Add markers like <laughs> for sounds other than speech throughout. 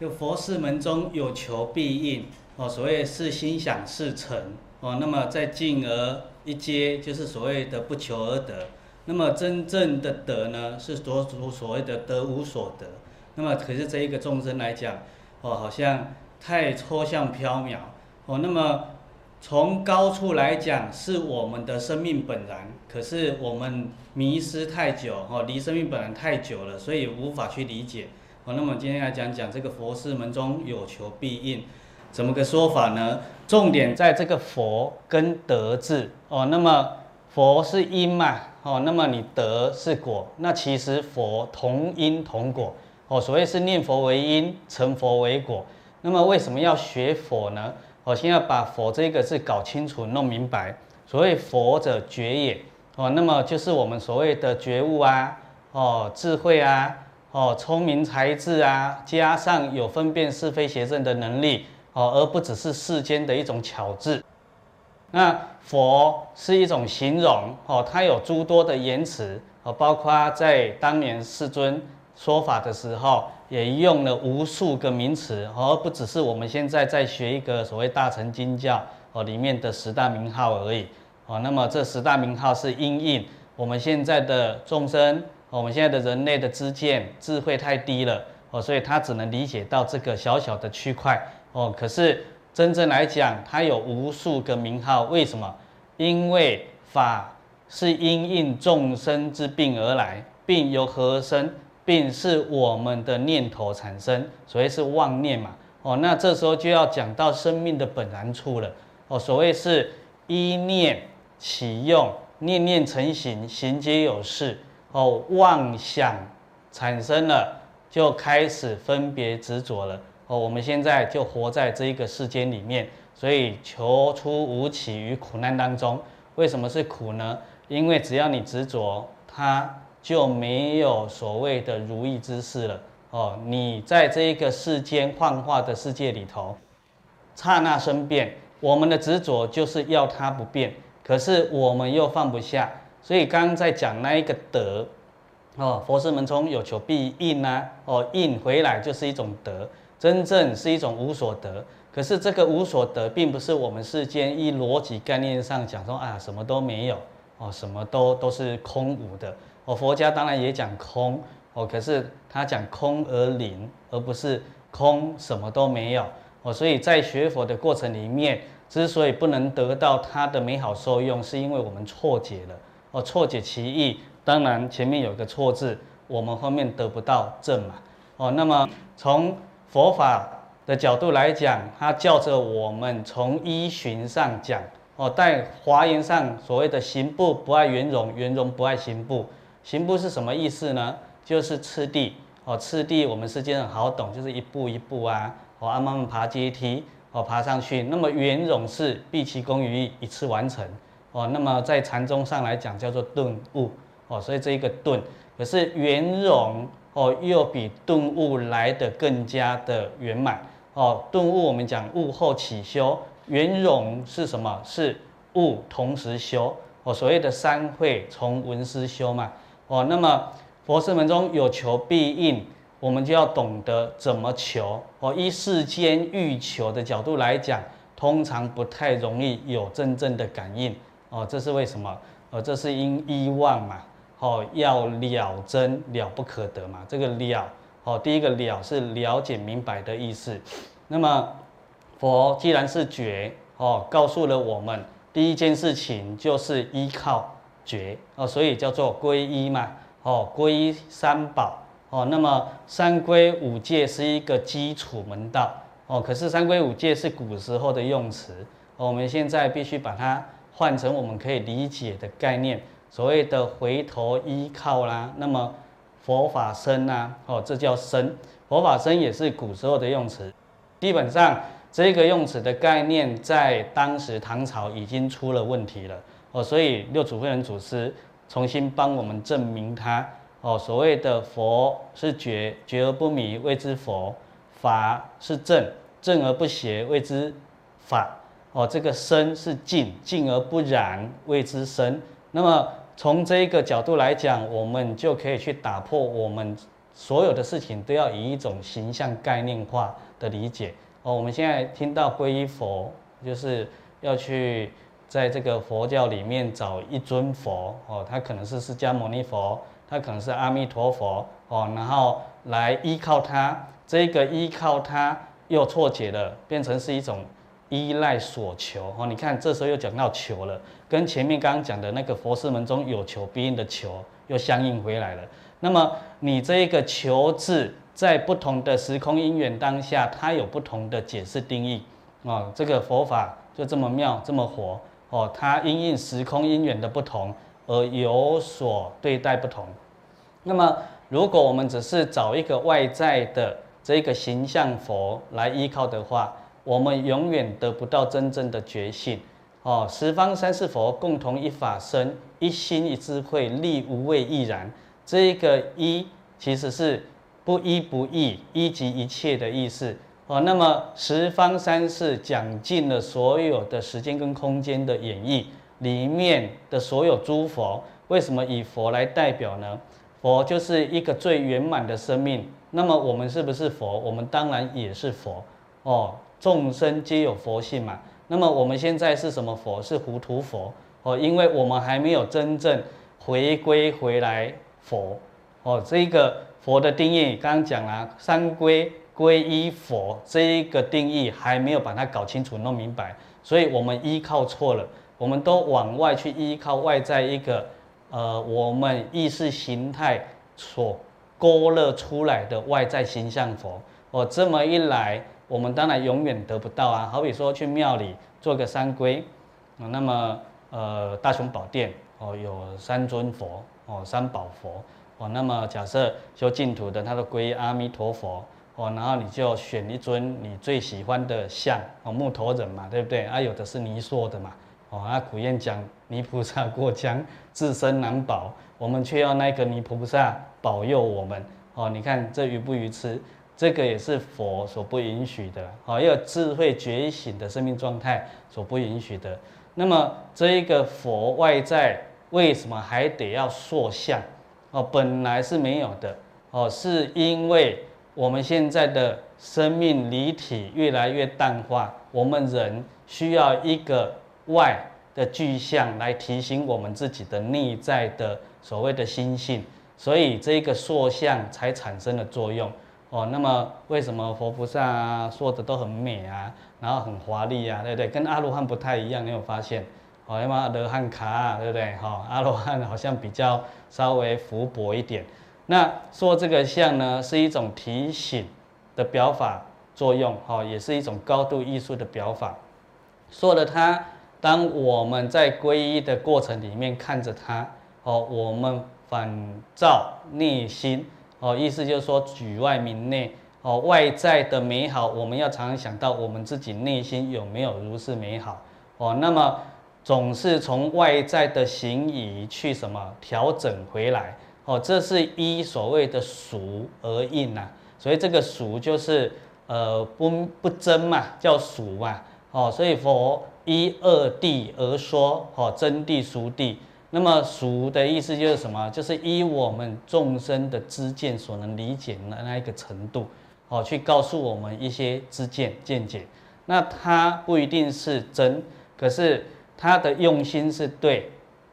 就佛事門中有求必應哦，所謂是心想事成哦。那麼再進而一階，就是所謂的不求而得。那麼真正的得呢，是所所謂的得無所得。那麼可是這一個眾生來講，哦，好像太抽象縹緲哦。那麼從高處來講，是我們的生命本然。可是我們迷失太久哦，離生命本然太久了，所以無法去理解。那麼今天來講講這個佛氏門中有求必應，怎麼個說法呢？重點在這個佛跟德字哦。那麼佛是因嘛哦，那麼你德是果，那其實佛同因同果哦。所謂是念佛為因，成佛為果。那麼為什麼要學佛呢？我先要把佛這個字搞清楚、弄明白。所謂佛者覺也哦，那麼就是我們所謂的覺悟啊哦，智慧啊。哦，聰明才智啊，加上有分辨是非邪正的能力哦，而不只是世間的一種巧智。那佛是一種形容哦，它有諸多的言辭哦，包括在當年世尊說法的時候，也用了無數個名詞哦，而不只是我們現在在學一個所謂大乘經教哦裡面的十大名號而已哦。那麼這十大名號是因應我們現在的眾生。我們現在的人類的知見智慧太低了哦，所以他只能理解到這個小小的區塊哦。可是真正來講，它有無數個名號。為什麼？因為法是因應眾生之病而來，病由何生？病是我們的念頭產生，所謂是妄念嘛。哦，那這時候就要講到生命的本然處了哦。所謂是一念起用，念念成形，形皆有事。哦，妄想產生了，就開始分別執着了。哦，我們現在就活在這一個世間裡面，所以求出無起於苦難當中。為什麼是苦呢？因為只要你執着，它就沒有所謂的如意之事了。哦，你在這一個世間幻化的世界裡頭，剎那生變，我們的執着就是要它不變，可是我們又放不下。所以剛剛在講那一個德，哦，佛氏門中，有求必應吶，哦，應回來就是一種德，真正是一種無所得。可是這個無所得，並不是我們世間一邏輯概念上講說啊，什麼都沒有，哦，什麼都都是空無的。哦，佛家當然也講空，哦，可是他講空而靈，而不是空什麼都沒有，哦，所以在學佛的過程裡面，之所以不能得到他的美好受用，是因為我們錯解了。哦，錯解其義，當然前面有個錯字，我們後面得不到證嘛。哦，那麼從佛法的角度來講，它叫着我們從依循上講。哦，在華嚴上所謂的行布不礙圓融，圓融不礙行布，行布是什麼意思呢？就是次第」。哦，次第我們世間上好懂，就是一步一步啊，哦，慢、啊、慢爬階梯，哦，爬上去。那麼圓融是畢其功於一次完成。哦，那麼在禪宗上來講，叫做頓悟。哦，所以這一個頓，可是圓融哦，又比頓悟來得更加的圓滿。哦，頓悟我們講悟後起修，圓融是什麼？是悟同時修。哦，所謂的三會從聞思修嘛。哦，那麼佛事門中有求必應，我們就要懂得怎麼求。哦，依世間欲求的角度來講，通常不太容易有真正的感應。哦，這是為什麼？呃，這是因一妄嘛，哦，要了真了不可得嘛。這個了，哦，第一個了是了解明白的意思。那麼佛既然是覺，哦，告訴了我們第一件事情就是依靠覺，哦，所以叫做皈依嘛，哦，皈依三寶，哦，那麼三皈五戒是一個基礎門道，哦，可是三皈五戒是古時候的用詞，哦，我們現在必須把它。換成我們可以理解的概念，所謂的回頭依靠啦、啊，那麼佛法身吶、啊，哦，這叫身，佛法身也是古時候的用詞，基本上這個用詞的概念在當時唐朝已經出了問題了，哦，所以六祖慧能祖師重新幫我們證明它。哦，所謂的佛是覺，覺而不迷謂之佛，法是正，正而不邪謂之法。哦，這個僧是淨，淨而不染，謂之僧。那麼從這一個角度來講，我們就可以去打破我們所有的事情都要以一種形象概念化的理解。哦，我們現在聽到皈依佛，就是要去在這個佛教裡面找一尊佛。哦，他可能是釋迦牟尼佛，他可能是阿彌陀佛。哦，然後來依靠他，這個依靠他又錯解了，變成是一種。依賴所求哦，你看這時候又講到求了，跟前面剛剛講的那個佛氏門中有求必應的求又相應回來了。那麼你這一個求字，在不同的時空因緣當下，它有不同的解釋定義哦，這個佛法就這麼妙，這麼活哦，它因應時空因緣的不同而有所對待不同。那麼如果我們只是找一個外在的這個形象佛來依靠的話，我們永遠得不到真正的覺醒。哦，十方三世佛共同一法身，一心一智慧，力無畏亦然。這一個一其實是不一不異，一即一切的意思。哦，那麼十方三世講盡了所有的時間跟空間的演繹，裡面的所有諸佛，為什麼以佛來代表呢？佛就是一個最圓滿的生命。那麼我們是不是佛？我們當然也是佛。哦。眾生皆有佛性嘛，那麼我們現在是什麼佛？是糊塗佛哦，因為我們還沒有真正回歸回來佛哦。這個佛的定義，剛剛講了三皈皈依佛，這個定義還沒有把它搞清楚弄明白，所以我們依靠錯了，我們都往外去依靠外在一個呃，我們意識形態所勾勒出來的外在形象佛哦，這麼一來。我們當然永遠得不到啊！好比說去廟裡做個三皈，啊，那麼呃大雄寶殿哦有三尊佛哦，三寶佛哦，那麼假設修淨土的，它的皈阿彌陀佛哦，然後你就選一尊你最喜歡的，像木頭人嘛，對不對啊？有的是泥塑的嘛哦，啊古諺講泥菩薩過江自身難保，我們卻要那個泥菩薩保佑我們哦，你看這愚不愚癡？這個也是佛所不允許的，哦，要智慧覺醒的生命狀態所不允許的。那麼，這一個佛外在為什麼還得要塑像？哦，本來是沒有的，哦，是因為我們現在的生命離體越來越淡化，我們人需要一個外的具象來提醒我們自己的內在的所謂的心性，所以這個塑像才產生了作用。哦，那麼為什麼佛菩薩啊說的都很美啊，然後很華麗啊，對不對？跟阿羅漢不太一樣，你有發現？哦，要阿羅漢卡、啊，對不對？哈、哦，阿羅漢好像比較稍微浮薄一點。那做這個像呢，是一種提醒的表法作用，哈、哦，也是一種高度藝術的表法。做了它，當我們在皈依的過程裡面看着它，哦，我們反照內心。哦，意思就是說舉外名內，哦，外在的美好，我們要常常想到我們自己內心有沒有如是美好，哦，那麼總是從外在的形儀去什麼調整回來，哦，這是依所謂的俗而應吶、啊，所以這個俗就是呃不不真嘛，叫俗嘛，哦，所以佛依二諦而說，哦，真諦俗諦。那麼俗的意思就是什麼？就是依我們眾生的知見所能理解的那一個程度，哦，去告訴我們一些知見見解。那它不一定是真，可是它的用心是對，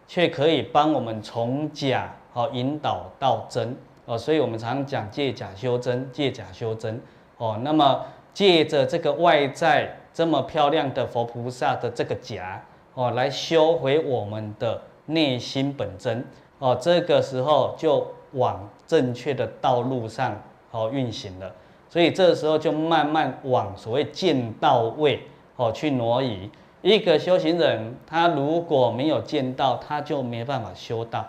卻可以幫我們從假哦引導到真哦。所以我們常常講借假修真，借假修真哦。那麼借着這個外在這麼漂亮的佛菩薩的這個假哦，來修回我們的。內心本真哦，這個時候就往正確的道路上哦運行了，所以這個時候就慢慢往所謂見道位哦去挪移。一個修行人，他如果沒有見道，他就沒辦法修道；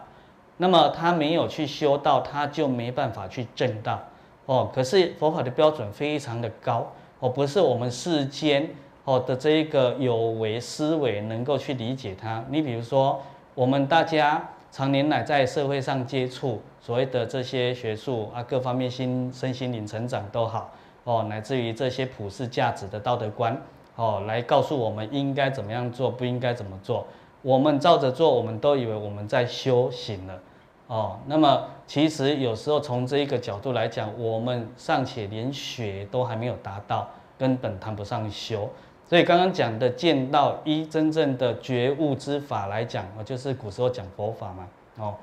那麼他沒有去修道，他就沒辦法去證道。哦，可是佛法的標準非常的高哦，不是我們世間哦的這個有為思維能夠去理解它。你比如說。我們大家常年來在社會上接觸所謂的這些學術啊，各方面心、身心靈成長都好哦，乃至於這些普世價值的道德觀哦，來告訴我們應該怎麼樣做，不應該怎麼做。我們照着做，我們都以為我們在修行了哦。那麼，其實有時候從這一個角度來講，我們尚且連學都還沒有達到，根本談不上修。所以剛剛講的見到一真正的覺悟之法來講，就是古時候講佛法嘛，哦，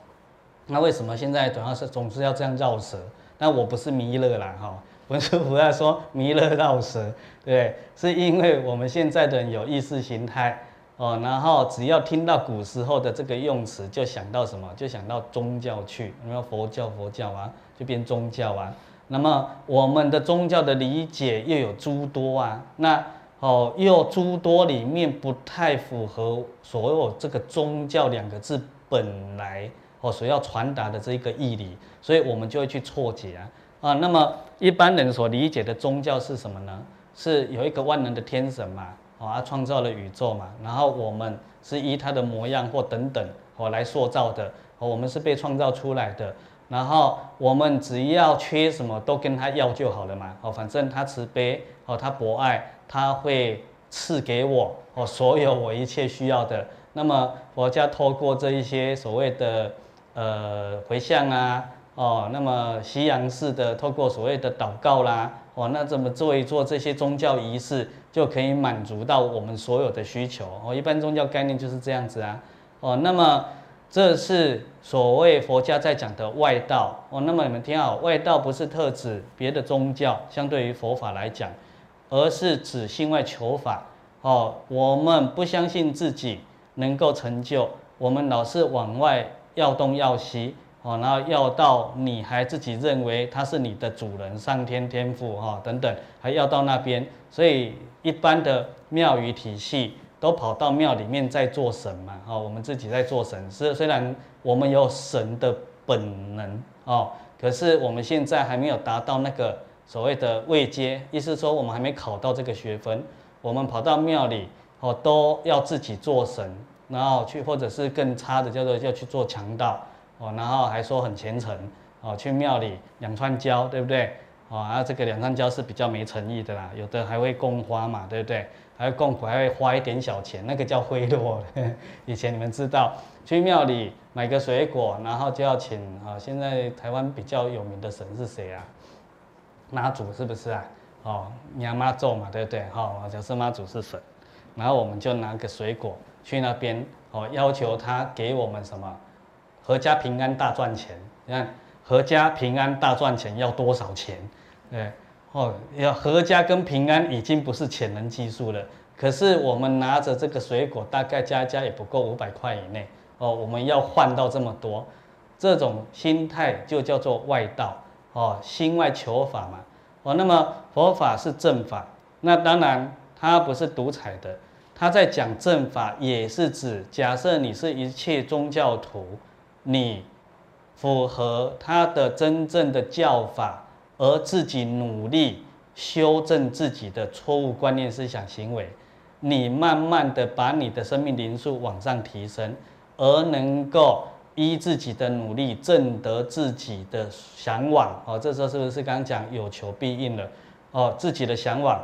那為什麼現在總是總是要這樣繞舌？那我不是彌勒啦，哈、哦，不是文殊菩薩要說彌勒繞舌，對，是因為我們現在的人有意識形態，哦，然後只要聽到古時候的這個用詞，就想到什麼？就想到宗教去，那佛教，佛教啊，就變宗教啊。那麼我們的宗教的理解又有諸多啊，那。哦，又諸多裡面不太符合所有這個宗教兩個字本來哦，所要傳達的這個義理，所以我們就會去錯解啊啊。那麼一般人所理解的宗教是什麼呢？是有一個萬能的天神嘛，哦、啊，創造了宇宙嘛，然後我們是以他的模樣或等等哦來塑造的，哦，我們是被創造出來的，然後我們只要缺什麼都跟他要就好了嘛，哦，反正他慈悲，哦，他博愛。他會賜給我哦，所有我一切需要的。那麼佛家透過這一些所謂的呃回向啊，哦，那麼西洋式的透過所謂的禱告啦，哦，那怎麼做一做這些宗教儀式就可以滿足到我們所有的需求哦，一般宗教概念就是這樣子啊，哦，那麼這是所謂佛家在講的外道哦。那麼你們聽好，外道不是特指別的宗教，相對於佛法來講。而是指心外求法，哦，我們不相信自己能夠成就，我們老是往外要東要西，哦，然後要到你還自己認為他是你的主人，上天天父哈等等，還要到那邊，所以一般的廟宇體系都跑到廟裡面在做神嘛，哦，我們自己在做神，是雖然我們有神的本能，哦，可是我們現在還沒有達到那個。所謂的位階，意思是說我們還沒考到這個學分，我們跑到廟裡哦，都要自己做神，然後去或者是更差的叫做要去做強盜哦，然後還說很虔誠哦，去廟裡兩串蕉，對不對？哦，然後這個兩串蕉是比較沒誠意的啦，有的還會供花嘛，對不對？還會供果，還會花一點小錢，那個叫賄賂。以前你們知道去廟裡買個水果，然後就要請啊。現在台灣比較有名的神是誰啊？媽祖是不是啊？哦，娘媽咒嘛，對不對？哈、哦，表示媽祖是神。然後我們就拿個水果去那邊，哦，要求他給我們什麼？闔家平安大賺錢。你看，合家平安大賺錢要多少錢？哎，哦，要合家跟平安已經不是錢能計數了。可是我們拿着這個水果，大概加一加也不夠五百塊以內。哦，我們要換到這麼多，這種心態就叫做外道。哦，心外求法嘛，哦，那麼佛法是正法，那當然它不是獨裁的，它在講正法，也是指假設你是一切宗教徒，你符合他的真正的教法，而自己努力修正自己的錯誤觀念、思想、行為，你慢慢的把你的生命靈數往上提升，而能夠，依自己的努力證得自己的嚮往，哦，這時候是不是剛剛講有求必應了？哦，自己的嚮往，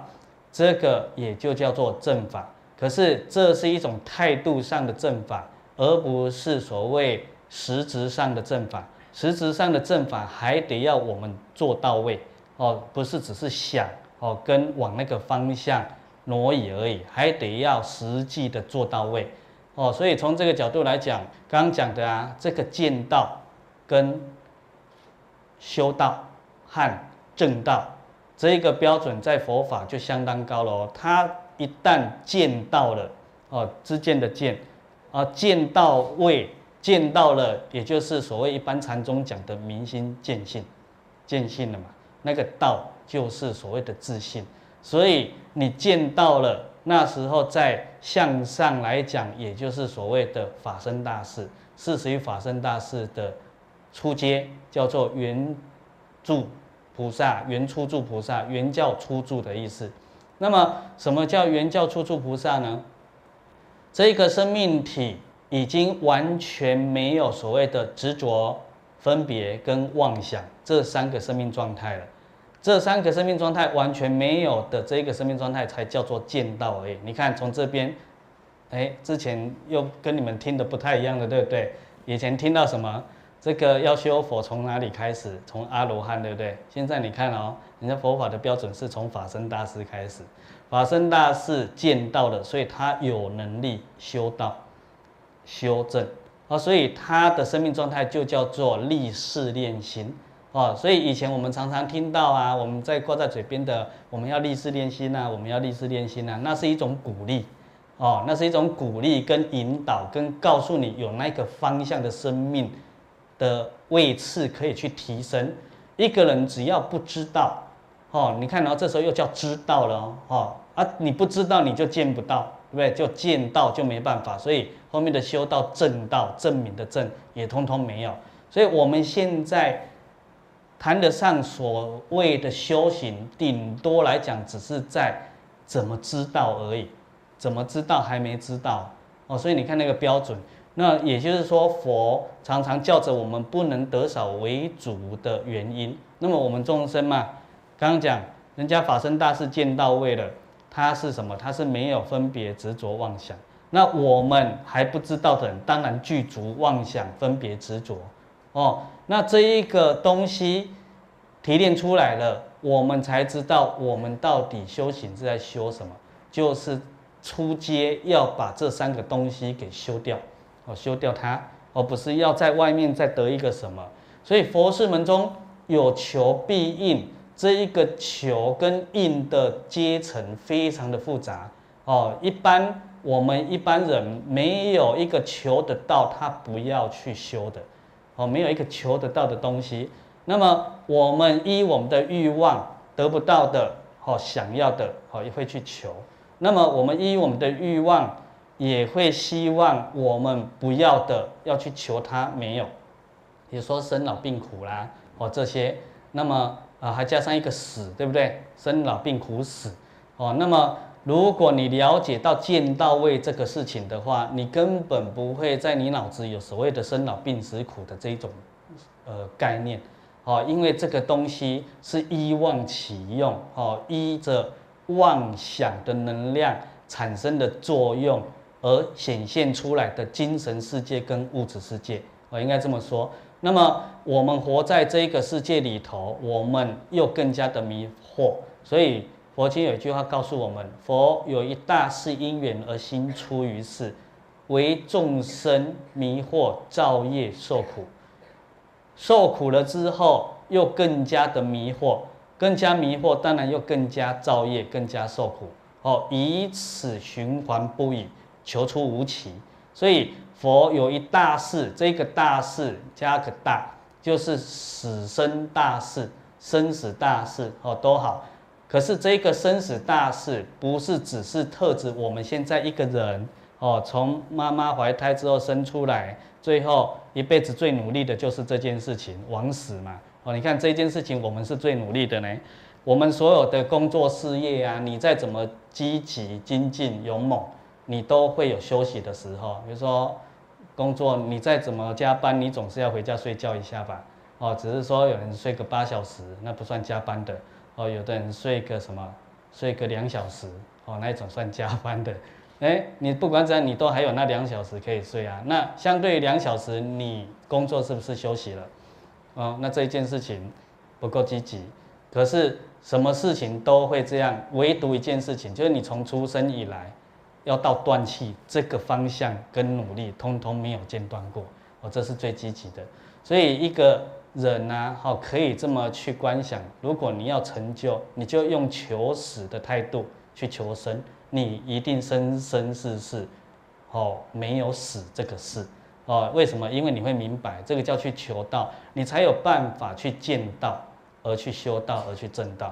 這個也就叫做正法。可是這是一種態度上的正法，而不是所謂實質上的正法。實質上的正法還得要我們做到位，哦，不是只是想，哦，跟往那個方向挪移而已，還得要實際的做到位。哦，所以從這個角度來講，剛剛講的啊，這個見道、跟修道和正道這一個標準，在佛法就相當高了哦。他一旦見道了，哦，知見的見，啊，見道位，見道了，也就是所謂一般禪宗講的明心見性，見性了嘛。那個道就是所謂的自信，所以你見道了。那時候在向上來講，也就是所謂的法身大士，是屬於法身大士的初階，叫做圓住菩薩、圓初住菩薩、圓教初住的意思。那麼，什麼叫圓教初住菩薩呢？這一個生命體已經完全沒有所謂的執着、分別跟妄想這三個生命狀態了。這三個生命狀態完全沒有的這個生命狀態才叫做見道而已。你看，從這邊，誒，之前又跟你們聽的不太一樣的，對不對？以前聽到什麼，這個要修佛從哪裡開始？從阿羅漢，對不對？現在你看哦，人家佛法的標準是從法身大士開始，法身大士見道了，所以他有能力修道、修正，啊，所以他的生命狀態就叫做歷事練心。哦，所以以前我們常常聽到啊，我們在掛在嘴邊的，我們要立志練心吶，我們要立志練心吶，那是一種鼓勵，哦，那是一種鼓勵跟引導，跟告訴你有那個方向的生命的位置可以去提升。一個人只要不知道，哦，你看，然後這時候又叫知道了，哦，啊，你不知道你就見不到，對不對？就見到就沒辦法，所以後面的修道、正道、證明的正也通通沒有，所以我們現在。談得上所謂的修行，頂多來講只是在怎麼知道而已，怎麼知道還沒知道哦，所以你看那個標準，那也就是說佛常常叫着我們不能得少為主得少為足的原因。那麼我們眾生嘛，剛剛講人家法身大士見到位了，他是什麼？他是沒有分別執着妄想。那我們還不知道的人，當然具足妄想分別執着哦。那這一個東西提煉出來了，我們才知道我們到底修行是在修什麼，就是出階，要把這三個東西給修掉，哦，修掉它，而不是要在外面再得一個什麼。所以佛事門中有求必應，這一個求跟應的階層非常的複雜哦。一般我們一般人沒有一個求得到，他不要去修的。哦，沒有一個求得到的東西，那麼我們依我們的慾望得不到的哦，想要的哦，也會去求。那麼我們依我們的慾望，也會希望我們不要的要去求他，沒有，比如說生老病苦啦，哦，這些，那麼啊還加上一個死，對不對？生老病苦死哦，那麼。如果你了解到見到位這個事情的話，你根本不會在你腦子有所謂的生老病死苦的這一種呃概念。好，因為這個東西是依妄起用，好，依着妄想的能量產生的作用而顯現出來的精神世界跟物質世界，我應該這麼說。那麼我們活在這個世界裡頭，我們又更加的迷惑，所以。佛經有一句話告訴我們：佛有一大事因緣而行出於世，為眾生迷惑造業受苦，受苦了之後又更加的迷惑，更加迷惑，當然又更加造業，更加受苦。哦，以此循環不已，求出無期。所以佛有一大事，這個大事加個大，就是死生大事、生死大事。哦，都好。可是這個生死大事不是只是特指我們現在一個人哦，從媽媽懷胎之後生出來，最後一輩子最努力的就是這件事情，往死嘛哦，你看這件事情我們是最努力的呢。我們所有的工作事業啊，你再怎麼積極精進勇猛，你都會有休息的時候。比如說工作，你再怎麼加班，你總是要回家睡覺一下吧。哦，只是說有人睡個八小時，那不算加班的。哦，有的人睡個什麼，睡個兩小時，哦，那一種算加班的。誒，你不管怎樣，你都還有那兩小時可以睡啊。那相對於兩小時，你工作是不是休息了？哦，那這一件事情不夠積極，可是什麼事情都會這樣，唯獨一件事情，就是你從出生以來，要到斷氣這個方向跟努力，通通沒有間斷過，哦，這是最積極的。所以一個。忍吶、啊，好，可以這麼去觀想。如果你要成就，你就用求死的態度去求生，你一定生生世世，哦，沒有死這個事，哦，為什麼？因為你會明白，這個叫去求道，你才有辦法去見道，而去修道，而去證道。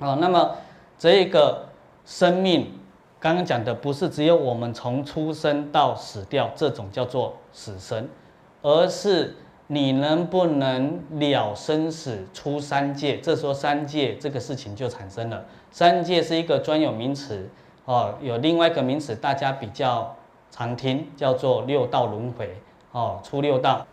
哦，那麼這一個生命，剛剛講的不是只有我們從出生到死掉這種叫做死生，而是。你能不能了生死出三界？這時候三界這個事情就產生了。三界是一個專有名詞哦，有另外一個名詞大家比較常聽，叫做六道輪迴哦，出六道。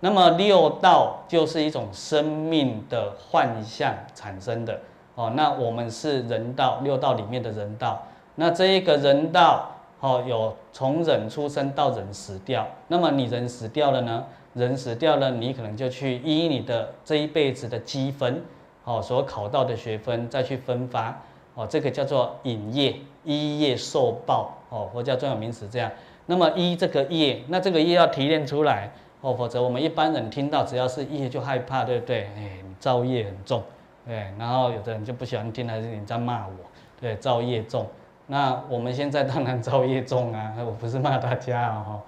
那麼六道就是一種生命的幻象產生的哦。那我們是人道，六道裡面的人道。那這一個人道哦，有從人出生到人死掉。那麼你人死掉了呢？人死掉了，你可能就去依你的這一輩子的積分，哦、所考到的學分再去分發，哦，這個叫做引業，依業受報，哦，佛教專有名詞這樣。那麼依這個業，那這個業要提煉出來，哦，否則我們一般人聽到只要是業就害怕，對不對？欸、你造業很重，欸、然後有的人就不喜歡聽，還是你在罵我，對，造業重。那我們現在當然造業重啊，我不是罵大家啊、哦、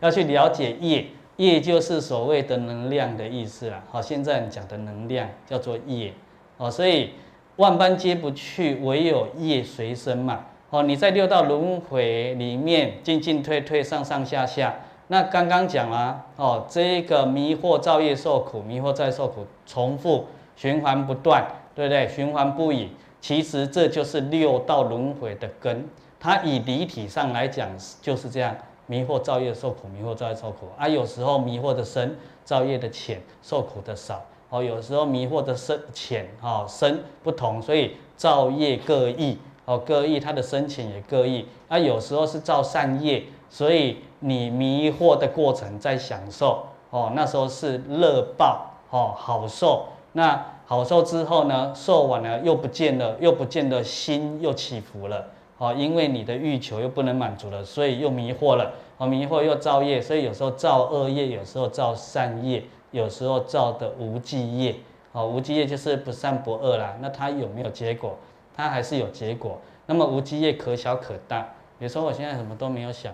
要去了解業。業就是所謂的能量的意思了、啊、好，現在講的能量叫做業，哦，所以萬般皆不去，唯有業隨身嘛，哦，你在六道輪迴裡面進進退退，上上下下，那剛剛講了，哦，這個迷惑造業受苦，迷惑再受苦，重複循環不斷，對不對？循環不已，其實這就是六道輪迴的根，它以理體上來講就是這樣。迷惑造業受苦，迷惑造業受苦啊。有時候迷惑的深，造業的淺，受苦的少；哦，有時候迷惑的深淺，哈、哦，深不同，所以造業各異，哦，各異，它的深淺也各異。那、啊、有時候是造善業，所以你迷惑的過程在享受，哦，那時候是樂報，哦，好受。那好受之後呢，受完了又不見了，又不見得心又起伏了。哦，因為你的欲求又不能滿足了，所以又迷惑了，哦，迷惑又造業，所以有時候造惡業，有時候造善業，有時候造的無記業。哦，無記業就是不善不惡啦。那它有沒有結果？它還是有結果。那麼無記業可小可大。比如說我現在什麼都沒有想，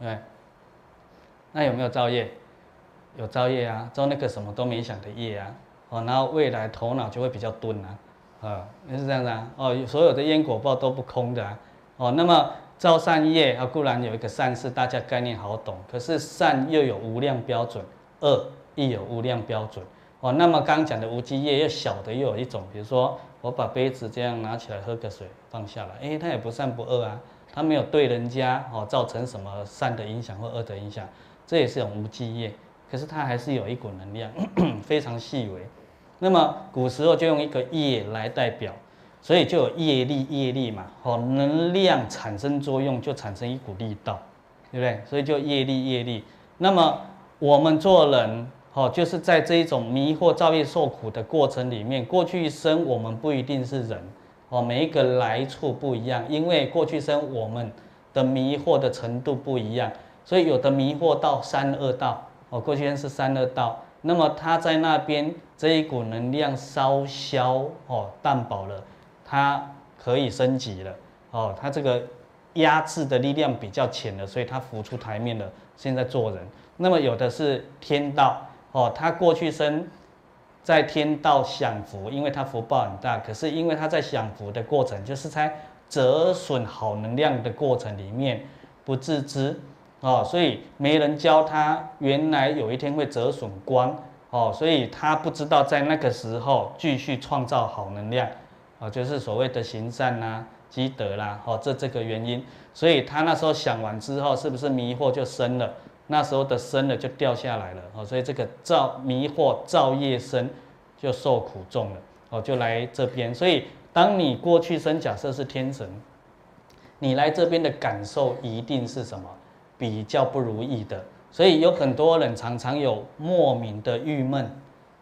對，那有沒有造業？有造業啊，造那個什麼都沒想的業啊。哦，然後未來頭腦就會比較鈍啊。啊、哦，也是這樣子啊。哦，所有的因果報都不空的、啊。哦，那麼造善業啊，固然有一個善是大家概念好懂，可是善又有無量標準，惡亦有無量標準。哦，那麼剛剛講的無記業又小的又有一種，比如說我把杯子這樣拿起來喝個水放下來，誒、欸，它也不善不惡啊，它沒有對人家哦造成什麼善的影響或惡的影響，這也是有種無記業。可是它還是有一股能量，咳咳非常細微。那麼古時候就用一個業來代表，所以就有業力、業力嘛。哦，能量產生作用，就產生一股力道，對不對？所以就業力、業力。那麼我們做人，哦，就是在這一種迷惑造業受苦的過程裡面，過去生我們不一定是人，哦，每一個來處不一樣，因為過去生我們的迷惑的程度不一樣，所以有的迷惑到三惡道，哦，過去生是三惡道，那麼他在那邊。這一股能量稍消哦，淡薄了，它可以升級了哦，它這個壓制的力量比較淺了，所以它浮出檯面了。現在做人，那麼有的是天道哦，他過去生在天道享福，因為他福報很大，可是因為他在享福的過程，就是在折損好能量的過程裡面不自知哦，所以沒人教他，原來有一天會折損光。哦，所以他不知道在那個時候繼續創造好能量，啊、哦，就是所謂的行善吶、啊、積德啦、啊，哦，這這個原因，所以他那時候想完之後，是不是迷惑就生了？那時候的生了就掉下來了，哦，所以這個造迷惑造業生就受苦重了，哦，就來這邊。所以當你過去生假設是天神，你來這邊的感受一定是什麼？比較不如意的。所以有很多人常常有莫名的鬱悶，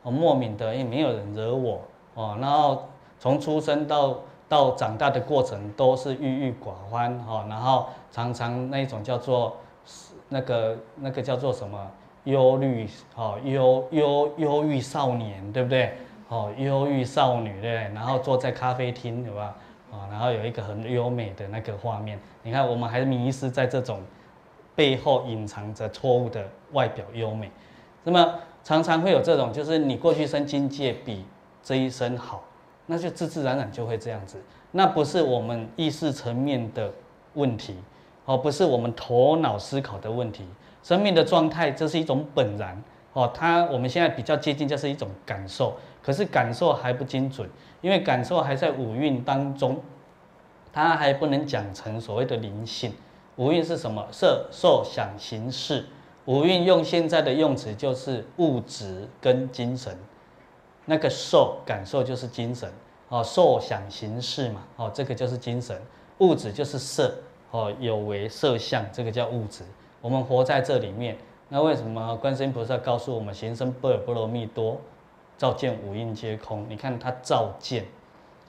哦，莫名的，因、欸、為沒有人惹我，哦，然後從出生到到長大的過程都是鬱鬱寡歡，哈、哦，然後常常那一種叫做，那個那個叫做什麼，憂慮，憂憂憂鬱少年，對不對？憂、哦、鬱少女，對不對？然後坐在咖啡廳，對吧、哦？然後有一個很優美的那個畫面，你看我們還迷失在這種。背後隱藏着錯誤的外表優美，那麼常常會有這種，就是你過去生境界比這一生好，那就自自然然就會這樣子。那不是我們意識層面的問題，而、哦、不是我們頭腦思考的問題。生命的狀態這是一種本然哦，它我們現在比較接近，就是一種感受。可是感受還不精準，因為感受還在五蘊當中，它還不能講成所謂的靈性。五蘊是什麼？色、受、想、行、識。五蘊用現在的用詞就是物質跟精神。那個受感受就是精神哦，受想行識嘛哦，這個就是精神，物質就是色哦，有為色相，這個叫物質。我們活在這裡面，那為什麼觀世音菩薩告訴我們“行深般若波羅蜜多，照見五蘊皆空”？你看他照見，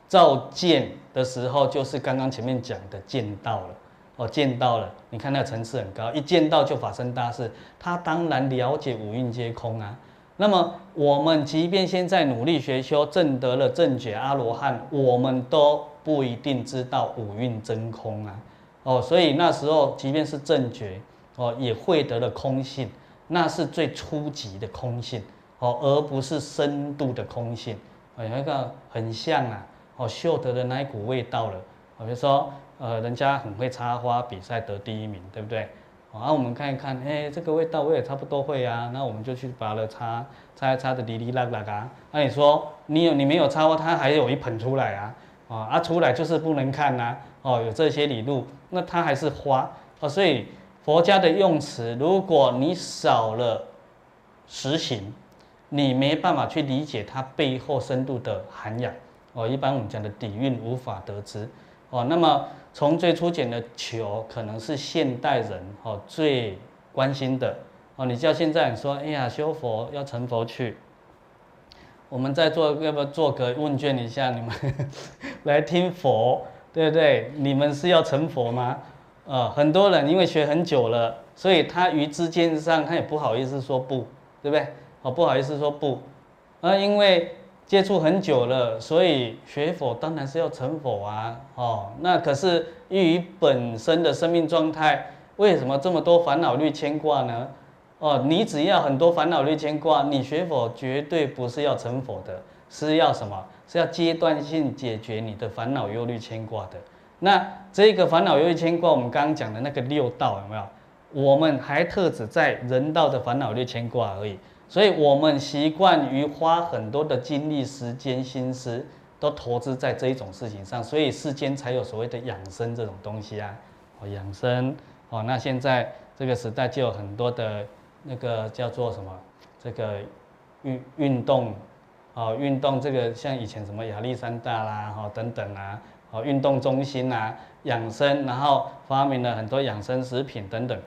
照見的時候就是剛剛前面講的見到了。哦，見到了，你看那個層次很高，一見到就發生大事。他當然了解五蘊皆空啊。那麼我們即便現在努力學修，證得了正覺阿羅漢，我們都不一定知道五蘊真空啊。哦，所以那時候即便是正覺，哦，也會得了空性，那是最初級的空性，哦，而不是深度的空性。哦，有一個很像啊，哦，嗅得的那一股味道了。比如說。呃，人家很會插花，比賽得第一名，對不對？啊，我們看一看，哎、欸，這個味道我也差不多會啊。那我們就去把它插，插插的哩哩啦啦嘎。那、啊、你說，你有你沒有插花，它還有一盆出來啊？啊，出來就是不能看吶、啊。哦，有這些理路，那它還是花啊、哦。所以佛家的用詞，如果你少了實行，你沒辦法去理解它背後深度的涵養。哦，一般我們講的底蘊無法得知。哦，那麼。從最初簡的求，可能是現代人哦最關心的哦。你叫現在說，哎呀，修佛要成佛去。我們在做，要不要做個問卷一下？你們來聽佛，對不對？你們是要成佛嗎？呃，很多人因為學很久了，所以他於之間上他也不好意思說不，對不對？哦，不好意思說不，啊，呃，因為。接觸很久了，所以學佛當然是要成佛啊，哦，那可是由於本身的生命狀態，為什麼這麼多煩惱、憂慮、牽掛呢？哦，你只要很多煩惱、憂慮、牽掛，你學佛絕對不是要成佛的，是要什麼？是要階段性解決你的煩惱、憂慮、牽掛的。那這個煩惱、憂慮、牽掛，我們剛剛講的那個六道有沒有？我們還特指在人道的煩惱、憂慮、牽掛而已。所以我們習慣於花很多的精力、時間、心思都投資在這一種事情上，所以世間才有所謂的養生這種東西啊。哦，養生哦，那現在這個時代就有很多的那個叫做什麼，這個運運動哦，運動這個像以前什麼亞歷山大啦，哦等等啊，哦運動中心啊，養生，然後發明了很多養生食品等等。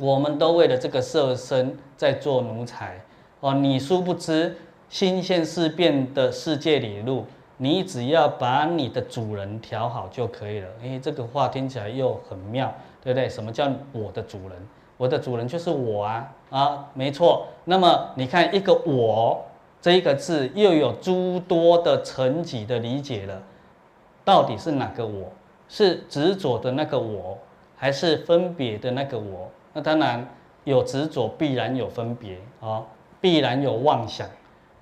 我們都為了這個色身在做奴才哦！你殊不知，心現識變的世界裡路，路你只要把你的主人調好就可以了。因為這個話聽起來又很妙，對不對？什麼叫我的主人？我的主人就是我啊！啊，沒錯。那麼你看，一個“我”這一個字，又有諸多的層級的理解了。到底是哪個我？是執着的那個我，還是分別的那個我？那當然，有執着必然有分別，哦，必然有妄想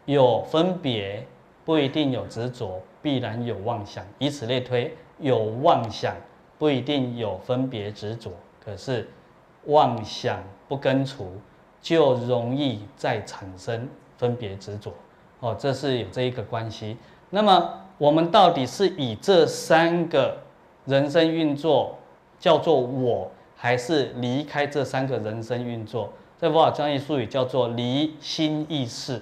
有分別不一定有執着，必然有妄想。以此類推，有妄想不一定有分別執着，可是妄想不根除，就容易再產生分別執着，哦，這是有這一個關係。那麼我們到底是以這三個人生運作，叫做我，還是離開這三個人生運作，在佛法專業術語叫做離心意識，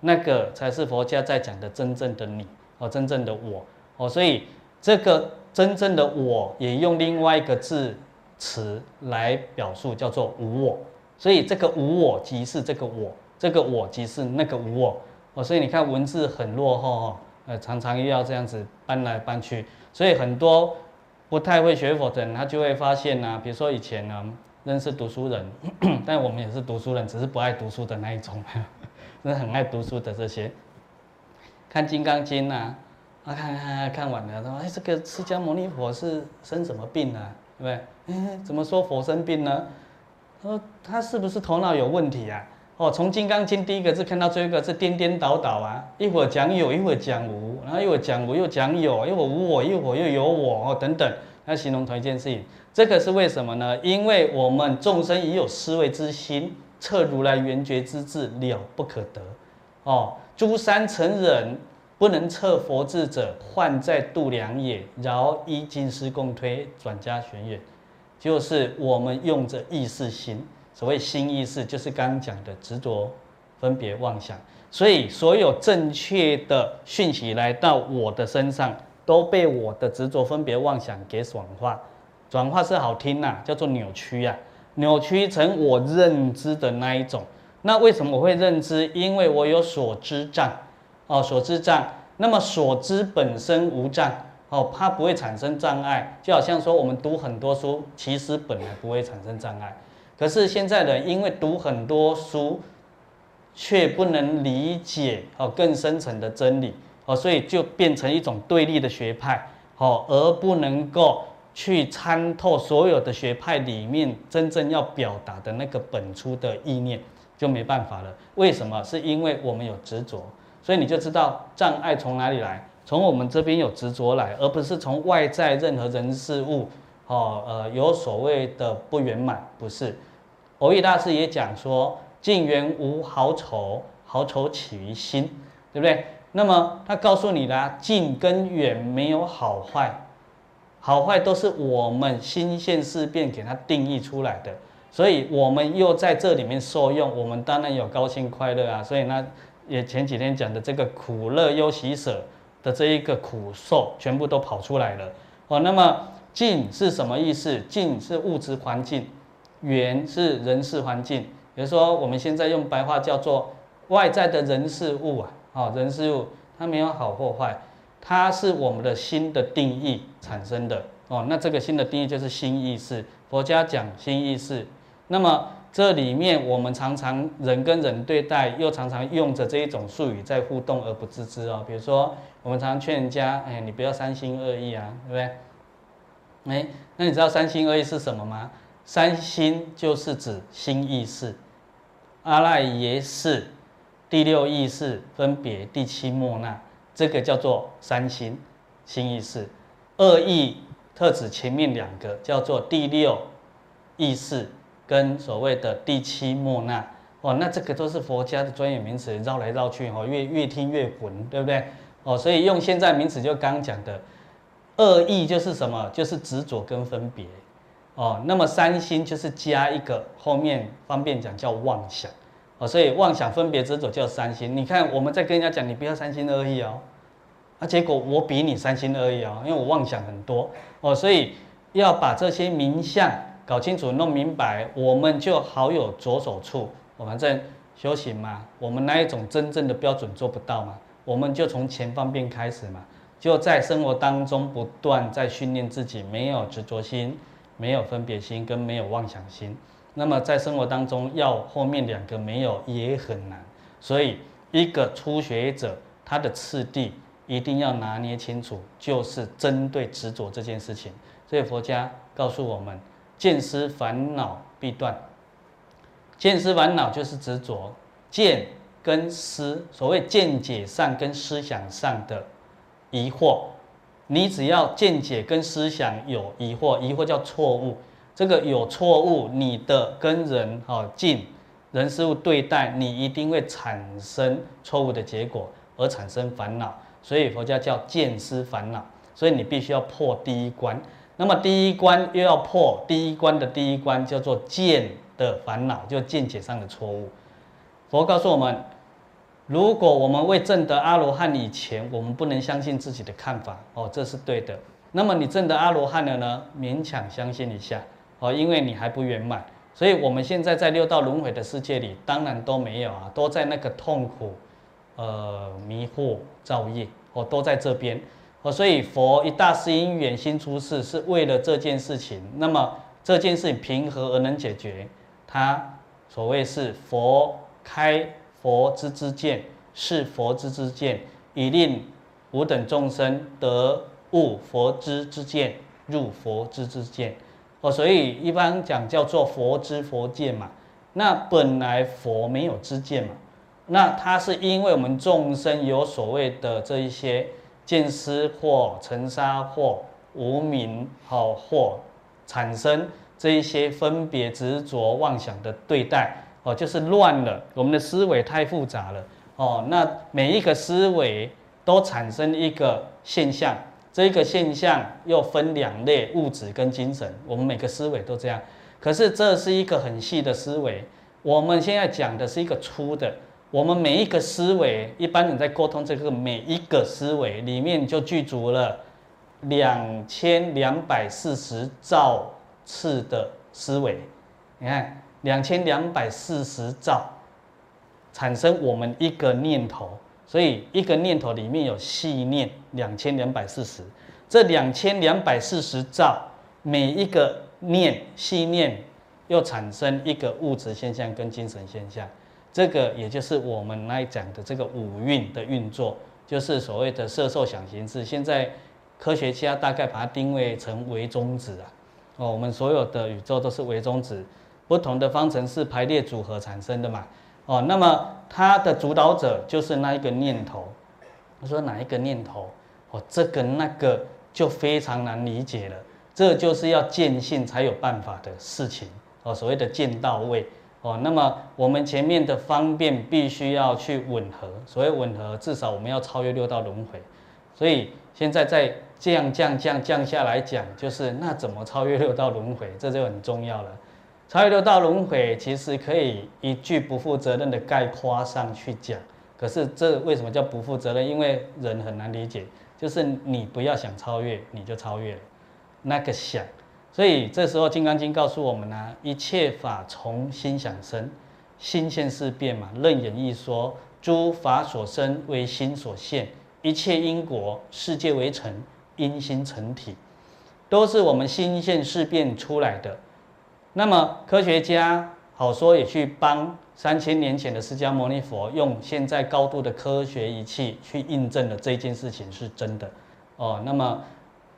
那個才是佛家在講的真正的你哦，真正的我哦，所以這個真正的我也用另外一個字詞來表述，叫做無我。所以這個無我即是這個我，這個我即是那個無我哦。所以你看文字很落後哦，呃，常常又要這樣子搬來搬去，所以很多。不太會學佛的人，他就會發現呢、啊。比如說以前呢，認識讀書人咳咳，但我們也是讀書人，只是不愛讀書的那一種，呵呵真的很愛讀書的這些，看金剛、啊《金剛經》吶、啊，啊，看看看看完了，他說：“哎、欸，這個釋迦牟尼佛是生什麼病了、啊？對不對、欸？怎麼說佛生病呢？說他是不是頭腦有問題啊？哦，從《金剛經》第一個字看到最後一個字，顛顛倒倒啊！一會兒講有，一會兒講無，然後一會兒講無又講有，一會兒無我，一會兒又有我哦，等等，那形容同一件事情，這個是為什麼呢？因為我們眾生已有思維之心，測如來圓覺之智了不可得。哦，諸三成人不能測佛智者，患在度量也。然後依今世共推轉加玄遠，就是我們用着意識心。所謂心意識，就是剛剛講的執着、分別、妄想。所以，所有正確的訊息來到我的身上，都被我的執着、分別、妄想給轉化。轉化是好聽吶、啊，叫做扭曲呀、啊，扭曲成我認知的那一種。那為什麼我會認知？因為我有所知障哦，所知障。那麼，所知本身無障哦，它不會產生障礙。就好像說，我們讀很多書，其實本來不會產生障礙。可是現在人因為讀很多書，卻不能理解哦，更深層的真理哦，所以就變成一種對立的學派好，而不能夠去參透所有的學派裡面真正要表達的那個本初的意念，就沒辦法了。為什麼？是因為我們有執着，所以你就知道障礙從哪裡來，從我們這邊有執着來，而不是從外在任何人事物。哦，呃，有所謂的不圓滿，不是。偶義大師也講說，近緣無好醜，好醜起於心，對不對？那麼他告訴你啦，近跟遠沒有好壞，好壞都是我們心現識變給它定義出來的。所以，我們又在這裡面受用，我們當然有高興快樂啊。所以呢，也前幾天講的這個苦樂憂喜舍的這一個苦受，全部都跑出來了。哦，那麼。境是什麼意思？境是物質環境，緣是人事環境。比如說，我們現在用白話叫做外在的人事物啊，哦，人事物它沒有好或壞，它是我們的心的定義產生的哦。那這個心的定義就是心意識。佛家講心意識，那麼這裡面我們常常人跟人對待，又常常用着這一種術語在互動而不自知啊、哦。比如說，我們常常勸人家，哎，你不要三心二意啊，對不對？哎，那你知道三心二意是什麼嗎？三心就是指心意識、阿賴耶識、第六意識分別、第七末那，這個叫做三心心意識。二意特指前面兩個，叫做第六意識跟所謂的第七末那。哦，那這個都是佛家的專業名詞，繞來繞去哦，越越聽越混，對不對？哦，所以用現在名詞就剛剛講的。二意就是什麼？就是執着跟分別，哦，那麼三心就是加一個後面方便講叫妄想，哦，所以妄想、分別、執着叫三心。你看我們在跟人家講，你不要三心二意哦，啊，結果我比你三心二意哦，因為我妄想很多哦，所以要把這些名相搞清楚、弄明白，我們就好有着手處。我、哦、們正修行嘛，我們那一種真正的標準做不到嘛，我們就從前方便開始嘛。就在生活當中不斷在訓練自己，沒有執着心，沒有分別心，跟沒有妄想心。那麼在生活當中，要後面兩個沒有也很難。所以，一個初學者，他的次第一定要拿捏清楚，就是針對執着這件事情。所以佛家告訴我們：見思煩惱必斷。見思煩惱就是執着，見跟思，所謂見解上跟思想上的。疑惑，你只要見解跟思想有疑惑，疑惑叫錯誤，這個有錯誤，你的跟人哈、哦、近，人事物對待你一定會產生錯誤的結果，而產生煩惱，所以佛教叫見思煩惱，所以你必須要破第一關，那麼第一關又要破第一關的第一關叫做見的煩惱，就見解上的錯誤，佛告訴我們。如果我們未證得阿羅漢以前，我們不能相信自己的看法哦，這是對的。那麼你證得阿羅漢了呢？勉強相信一下哦，因為你還不圓滿。所以我們現在在六道輪迴的世界裡，當然都沒有啊，都在那個痛苦、呃、迷惑、造業，哦，都在這邊。哦，所以佛一大事因緣心出世是為了這件事情。那麼這件事情憑何而能解決？他所謂是佛開。佛之知見，示佛之知見、以令吾等眾生得悟佛之知見、入佛之知見。哦，所以一般講叫做佛知佛見嘛。那本來佛沒有知見嘛，那它是因為我們眾生有所謂的這一些見思或塵沙或無明好或，或產生這一些分別執着妄想的對待。哦，就是亂了，我們的思維太複雜了。哦，那每一個思維都產生一個現象，這一個現象又分兩類，物質跟精神。我們每個思維都這樣，可是這是一個很細的思維。我們現在講的是一個粗的。我們每一個思維，一般人在溝通這個每一個思維裡面，就具足了兩千兩百四十兆次的思維。你看。兩千兩百四十兆產生我們一個念頭，所以一個念頭裡面有細念兩千兩百四十，這兩千兩百四十兆每一個念細念又產生一個物質現象跟精神現象，這個也就是我們來講的這個五蘊的運作，就是所謂的色受想行識。現在科學家大概把它定位成微中子啊，哦，我們所有的宇宙都是微中子。不同的方程式排列組合產生的嘛，哦，那麼它的主導者就是那一個念頭。我說哪一個念頭？哦，這個那個就非常難理解了。這就是要見性才有辦法的事情哦，所謂的見到位哦。那麼我們前面的方便必須要去吻合，所謂吻合，至少我們要超越六道輪迴。所以現在再這樣降降降下來講，就是那怎麼超越六道輪迴，這就很重要了。超越六道輪迴，其實可以一句不負責任的概括上去講。可是這為什麼叫不負責任？因為人很難理解，就是你不要想超越，你就超越了那個想。所以這時候《金剛經》告訴我們呢、啊：一切法從心想生，心現事變嘛。楞嚴一說，諸法所生為心所現，一切因果、世界為成，因心成體，都是我們心現事變出來的。那麼科學家好說也去幫三千年前的釋迦牟尼佛用現在高度的科學儀器去印證了這件事情是真的哦。那麼，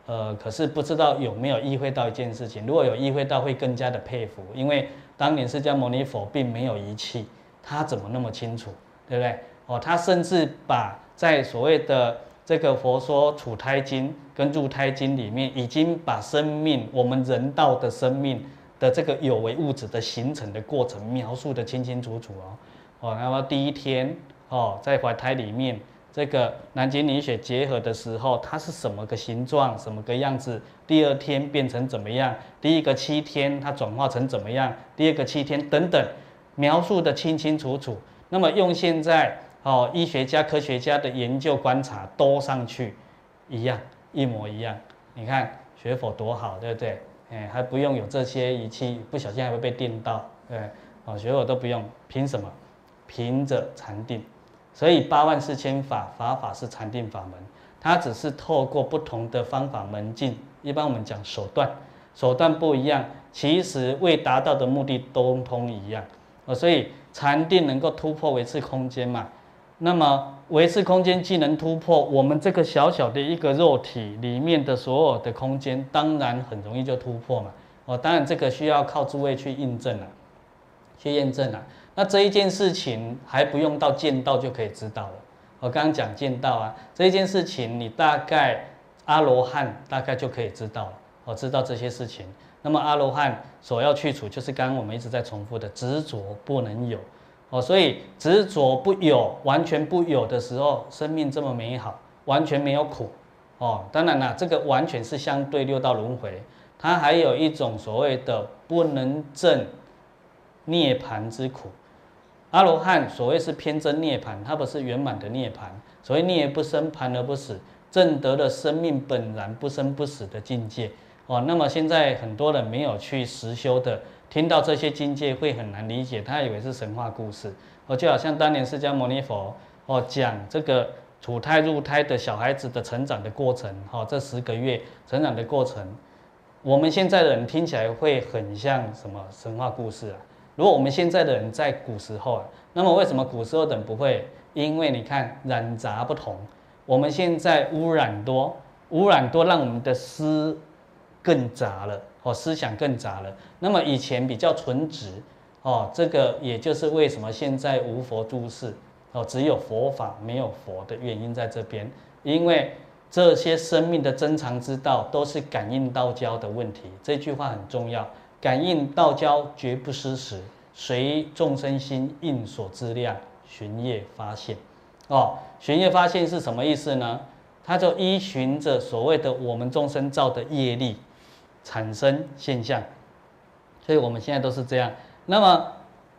呃，可是不知道有沒有意會到一件事情？如果有意會到，會更加的佩服，因為當年釋迦牟尼佛並沒有儀器，他怎麼那麼清楚，對不對？哦，他甚至把在所謂的這個《佛說處胎經》跟《入胎經》裡面，已經把生命，我們人道的生命。的這個有為物質的形成的過程描述的清清楚楚哦哦，那麼第一天哦，在懷胎裡面，這個南京凝血結合的時候，它是什麼個形狀，什麼個樣子？第二天變成怎麼樣？第一個七天它轉化成怎麼樣？第二個七天等等，描述的清清楚楚。那麼用現在哦，醫學家、科學家的研究觀察都上去，一樣一模一樣。你看學佛多好，對不對？哎、欸，還不用有這些儀器，不小心還會被電到。哎、欸，哦、喔，所以我都不用，憑什麼？憑着禪定。所以八萬四千法法法是禪定法門，它只是透過不同的方法門徑。一般我們講手段，手段不一樣，其實未達到的目的都通一樣。哦、喔，所以禪定能夠突破維次空間嘛？那麼，維持空間既能突破我們這個小小的一個肉體裡面的所有的空間，當然很容易就突破嘛。哦，當然這個需要靠諸位去印證了、啊，去驗證了、啊。那這一件事情還不用到見到就可以知道了。我、哦、剛，剛講見到啊，這一件事情你大概阿羅漢大概就可以知道了。我、哦、知道這些事情，那麼阿羅漢所要去除，就是剛剛我們一直在重複的執着不能有。哦，所以執着不有，完全不有的時候，生命這麼美好，完全沒有苦。哦，當然啦，這個完全是相對六道輪回，它還有一種所謂的不能證涅槃之苦。阿羅漢所謂是偏真涅槃，它不是圓滿的涅槃。所謂涅不生，盤而不死，證得了生命本然不生不死的境界。哦，那麼現在很多人沒有去實修的。聽到這些境界會很難理解，他以為是神話故事。哦，就好像當年釋迦牟尼佛哦講這個土胎入胎的小孩子的成長的過程，哈，這十個月成長的過程，我們現在的人聽起來會很像什麼神話故事啊？如果我們現在的人在古時候啊，那麼為什麼古時候的人不會？因為你看染雜不同，我們現在污染多，污染多讓我們的思更雜了。我、哦、思想更雜了，那麼以前比較純直，哦，這個也就是為什麼現在無佛住世，哦，只有佛法沒有佛的原因在這邊，因為這些生命的真常之道都是感應道交的問題。這句話很重要，感應道交絕不失時，隨眾生心應所知量，循業發現。哦，循業發現是什麼意思呢？他就依循着所謂的我們眾生造的業力。產生現象，所以我們現在都是這樣。那麼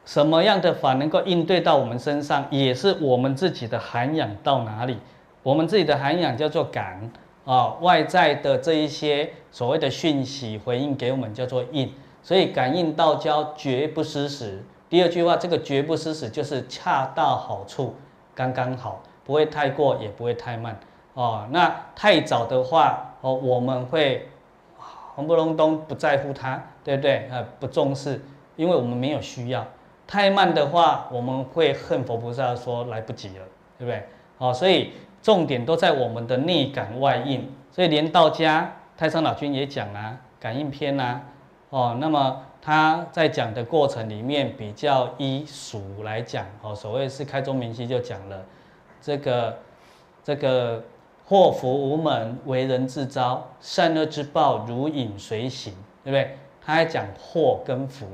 什麼樣的法能夠應對到我們身上，也是我們自己的涵養到哪裡？我們自己的涵養叫做感啊、哦，外在的這一些所謂的訊息回應給我們叫做應。所以感應道交，絕不失時。第二句話，這個絕不失時就是恰到好處，剛剛好，不會太過，也不會太慢啊、哦。那太早的話，哦，我們會。隆不隆咚不在乎它，對不對？不重視，因為我們沒有需要。太慢的話，我們會恨佛菩薩說來不及了，對不對？所以重點都在我們的內感外應。所以連道家太上老君也講啊，《感應篇》吶，哦，那麼他在講的過程裡面比較依俗來講，哦，所謂是開宗明義就講了這個這個。這個禍福無門，惟人自召；善惡之報，如影隨形，對不對？他還講禍跟福。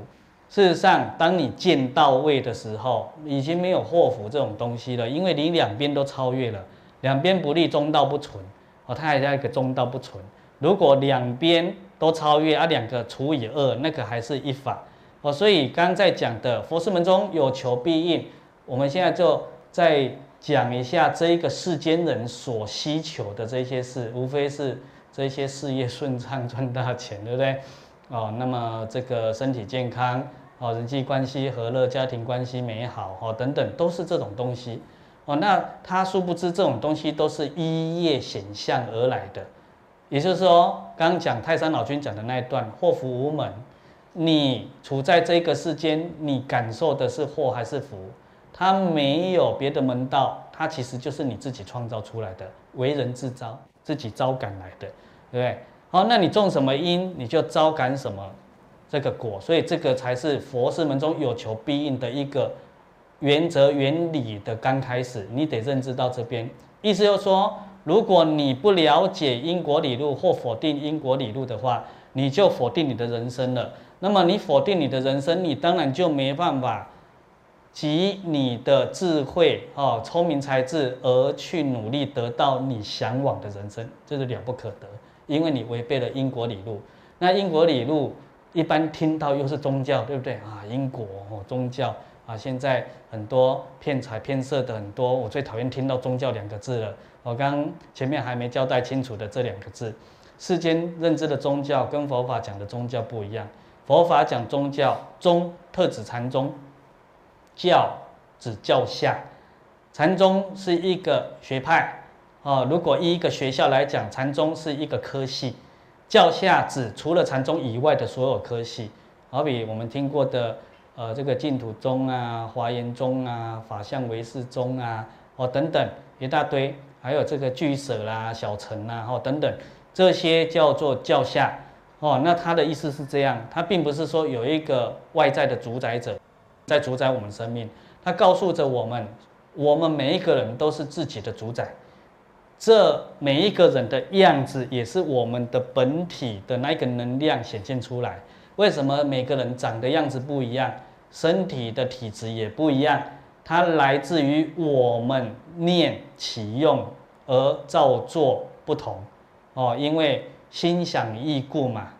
事實上，當你見到位的時候，已經沒有禍福這種東西了，因為你兩邊都超越了，兩邊不利，中道不存。哦，他還加一個中道不存。如果兩邊都超越，啊，兩個除以二，那個還是一法。哦，所以剛剛在講的佛事門中有求必應，我們現在就在。講一下這個世間人所需求的這些事，無非是這些事業順暢、賺大錢，對不對？哦，那麼這個身體健康，哦，人際關係和樂，家庭關係美好，哦，等等，都是這種東西。哦，那他殊不知，這種東西都是依業顯象而來的。也就是說，哦，剛剛講太上老君講的那一段，禍福無門。你處在這個世間，你感受的是禍還是福？它沒有別的門道，它其實就是你自己創造出來的，為人自招，自己招感來的，對不對？好，那你種什麼因，你就招感什麼這個果，所以這個才是佛事門中有求必應的一個原則原理的剛開始，你得認知到這邊。意思就是說，如果你不了解因果理路或否定因果理路的話，你就否定你的人生了。那麼你否定你的人生，你當然就沒辦法。及你的智慧、哦聰明才智而去努力得到你嚮往的人生，這是了不可得，因為你違背了因果理路。那因果理路一般聽到又是宗教，對不對啊？因果哦宗教啊，現在很多騙財騙色的很多，我最討厭聽到宗教兩個字了。我剛前面還沒交代清楚的這兩個字，世間認知的宗教跟佛法講的宗教不一樣。佛法講宗教，宗特指禪宗，教指教下，禪宗是一個學派哦。如果以一個學校來講，禪宗是一個科系，教下指除了禪宗以外的所有科系。好比我們聽過的，呃，這個淨土宗啊、華嚴宗啊、法相唯識宗啊，哦等等一大堆，還有這個俱舍啦、啊、小乘啊，哦等等，這些叫做教下哦。那他的意思是這樣，他並不是說有一個外在的主宰者。在主宰我們生命，它告訴着我們，我們每一個人都是自己的主宰。這每一個人的樣子，也是我們的本體的那一個能量顯現出來。為什麼每個人長的樣子不一樣，身體的體質也不一樣？它來自於我們念起用而造作不同哦，因為心想異故嘛，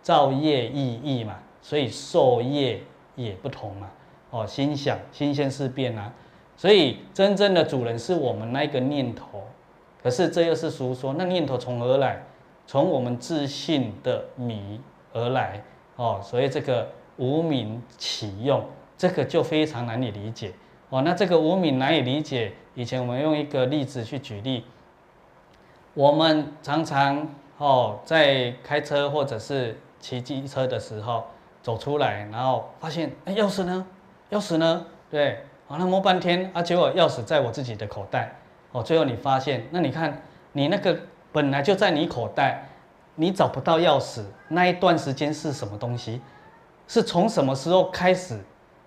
造業亦異嘛，所以受業也不同嘛。哦，心想新鮮事變啊，所以真正的主人是我們那一個念頭。可是這又是俗說，那念頭從何而來？從我們自信的迷而來。哦，所以這個無明起用，這個就非常難以理解。哦，那這個無明難以理解，以前我們用一個例子去舉例。我們常常哦，在開車或者是騎機車的時候，走出來，然後發現哎，鑰匙呢？鑰匙呢？對，那摸半天，啊，結果鑰匙在我自己的口袋。哦，最後你發現，那你看，你那個本來就在你口袋，你找不到鑰匙那一段時間是什麼東西？是從什麼時候開始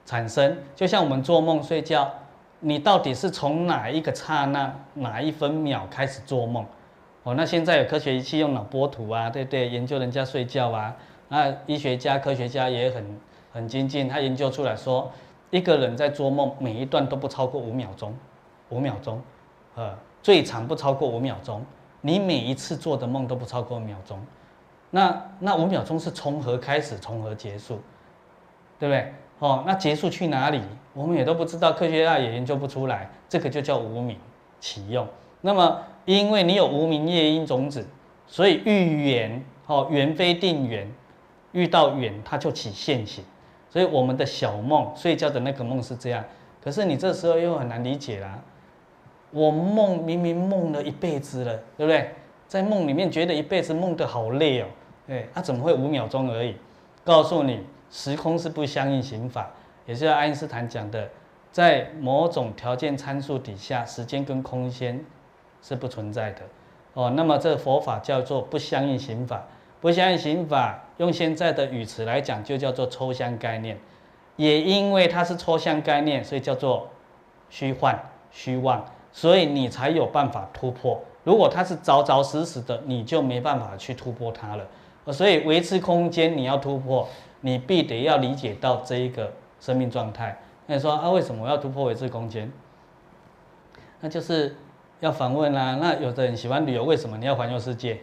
產生？就像我們做夢睡覺，你到底是從哪一個剎那、哪一分秒開始做夢？哦，那現在有科學儀器用腦波圖啊，對不對？研究人家睡覺啊，那醫學家、科學家也很很精進，他研究出來說。一個人在做夢，每一段都不超過五秒鐘，五秒鐘，呃，最長不超過五秒鐘。你每一次做的夢都不超過五秒鐘，那那五秒鐘是從何開始，從何結束，對不對？哦，那結束去哪裡，我們也都不知道，科學家也研究不出來，這個就叫無明起用。那麼，因為你有無明業因種子，所以遇緣，哦，緣非定緣，遇到緣它就起現行。所以我們的小夢，睡覺的那個夢是這樣，可是你這時候又很難理解啦，我夢明明夢了一輩子了，對不對？在夢裡面覺得一輩子夢得好累哦、喔，哎，它、啊、怎麼會五秒鐘而已？告訴你，時空是不相應行法，也就是像愛因斯坦講的，在某種條件參數底下，時間跟空間是不存在的。哦，那麼這個佛法叫做不相應行法，不相應行法。用現在的語詞來講，就叫做抽象概念。也因為它是抽象概念，所以叫做虛幻、虛妄，所以你才有辦法突破。如果它是紮紮實實的，你就沒辦法去突破它了。所以，維持空間，你要突破，你必得要理解到這一個生命狀態。那你說啊，為什麼我要突破維持空間？那就是要訪問啦、啊。那有的人喜歡旅遊，為什麼你要環遊世界？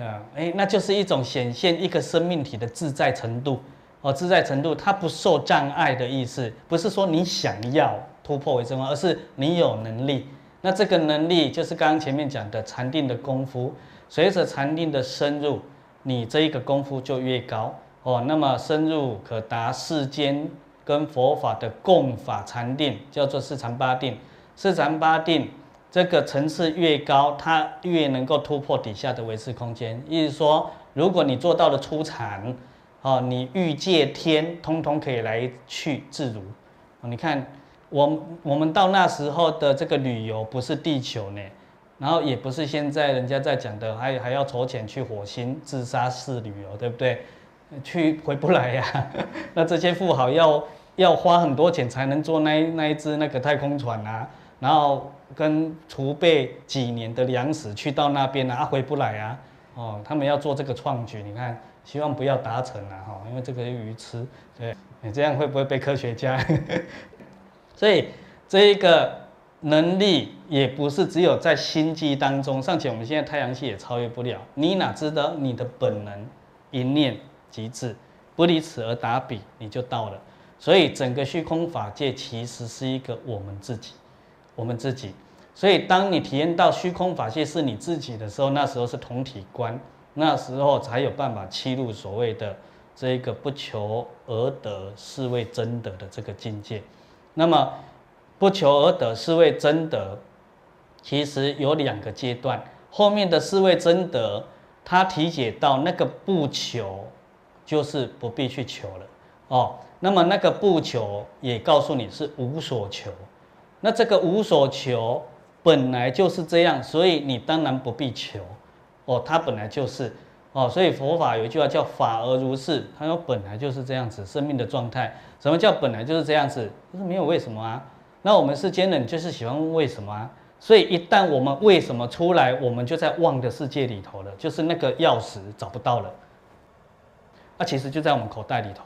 嗯誒，那就是一種顯現一個生命體的自在程度，哦，自在程度，它不受障礙的意思，不是說你想要突破為什麼，而是你有能力。那這個能力就是剛剛前面講的禪定的功夫，隨着禪定的深入，你這一個功夫就越高，哦，那麼深入可達世間跟佛法的共法禪定，叫做四禪八定，四禪八定。這個層次越高，它越能夠突破底下的維次空間。意思說，如果你做到了初禪，哦，你欲界天，通通可以來去自如。哦、你看，我我們到那時候的這個旅遊，不是地球呢，然後也不是現在人家在講的，還還要籌錢去火星自殺式旅遊，哦，對不對？去回不來呀、啊。那這些富豪要要花很多錢才能坐那那一隻那個太空船啊。然後跟儲備幾年的糧食去到那邊啊，啊回不來啊！哦，他們要做這個創舉，你看，希望不要達成了、啊、哈、哦，因為這個魚吃，對，你這樣會不會被科學家？ <laughs> 所以這一個能力也不是只有在星際當中，尚且我們現在太陽系也超越不了。你哪知道你的本能一念即至，不離此而打彼，你就到了。所以整個虛空法界其實是一個我們自己。我們自己，所以當你體驗到虛空法界是你自己的時候，那時候是同體觀，那時候才有辦法切入所謂的這一個不求而得是為真得的這個境界。那麼不求而得是為真得，其實有兩個階段。後面的四位真得，他體解到那個不求，就是不必去求了哦。那麼那個不求，也告訴你是無所求。那這個無所求本來就是這樣，所以你當然不必求，哦，它本來就是，哦，所以佛法有一句話叫法爾如是，他說本來就是這樣子生命的狀態。什麼叫本來就是這樣子？就是沒有為什麼啊。那我們世間人就是喜歡問為什麼啊。所以一旦我們為什麼出來，我們就在妄的世界裡頭了，就是那個鑰匙找不到了。那、啊、其實就在我們口袋裡頭。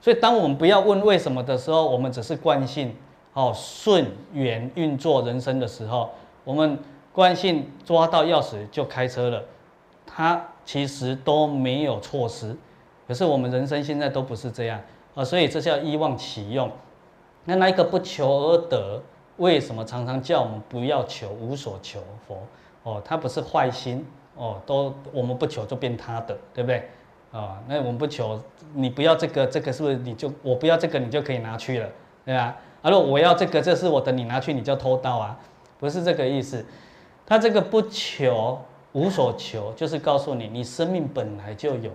所以當我們不要問為什麼的時候，我們只是觀心。哦，順緣運作人生的時候，我們慣性抓到鑰匙就開車了，它其實都沒有錯失，可是我們人生現在都不是這樣啊、哦，所以這叫依妄起用。那那個不求而得，為什麼常常叫我們不要求，無所求佛？哦，他不是壞心哦，都我們不求就變他的，對不對？啊、哦，那我們不求，你不要這個，這個是不是你就我不要這個，你就可以拿去了，對吧、啊？他說：“啊、如果我要這個，這是我的，你拿去，你叫偷盜啊，不是這個意思。他這個不求，無所求，就是告訴你，你生命本來就有，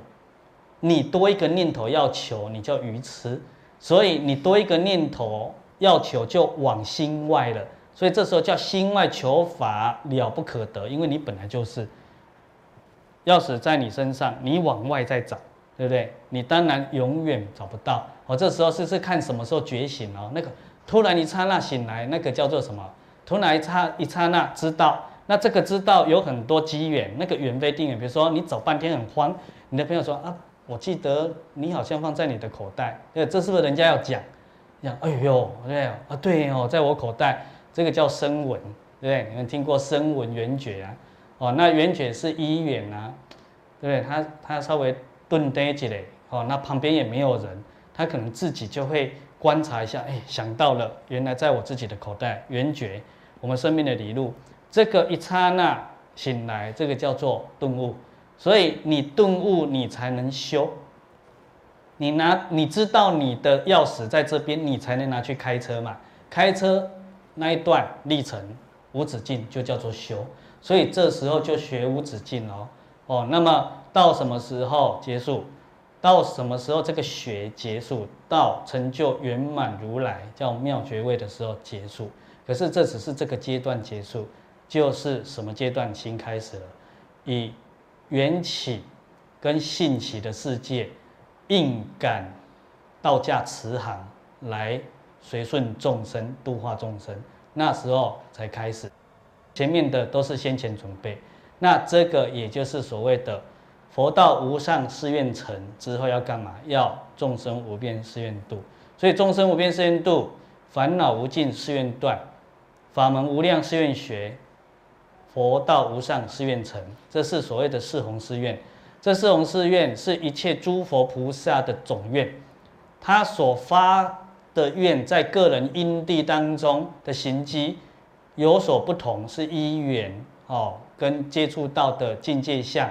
你多一個念頭要求，你叫愚癡。所以你多一個念頭要求，就往心外了。所以這時候叫心外求法了不可得，因為你本來就是鑰匙在你身上，你往外再找，對不對？你當然永遠找不到。我這時候試試看什麼時候覺醒哦。那個。”突然一剎那醒來，那個叫做什麼？突然一剎一剎那知道，那這個知道有很多機緣，那個緣非定緣。比如說你走半天很慌，你的朋友說啊，我記得你好像放在你的口袋，對這是不是人家要講？講，哎呦，對啊、哦，對哦，在我口袋，這個叫聲聞，對不對？你們聽過聲聞緣覺啊？哦，那緣覺是依緣啊，對不對？他他稍微頓呆起來哦，那旁邊也沒有人，他可能自己就會。觀察一下，哎，想到了，原來在我自己的口袋。圓覺，我們生命的理路，這個一剎那醒來，這個叫做頓悟。所以你頓悟，你才能修。你拿，你知道你的鑰匙在這邊，你才能拿去開車嘛。開車那一段歷程無止境，就叫做修。所以這時候就學無止境哦。哦，那麼到什麼時候結束？到什麼時候這個學結束？到成就圓滿如來叫妙覺位的時候結束。可是這只是這個階段結束，就是什麼階段新開始了？以緣起跟性起的世界，應感道駕慈航來隨順眾生度化眾生，那時候才開始。前面的都是先前準備，那這個也就是所謂的。佛道無上誓願成之後要幹嘛？要眾生無邊誓願度，所以眾生無邊誓願度，煩惱無盡誓願斷，法門無量誓願學，佛道無上誓願成，這是所謂的四弘誓願。這四弘誓願是一切諸佛菩薩的總願，他所發的願在個人因地當中的行跡有所不同，是因緣哦，跟接觸到的境界下。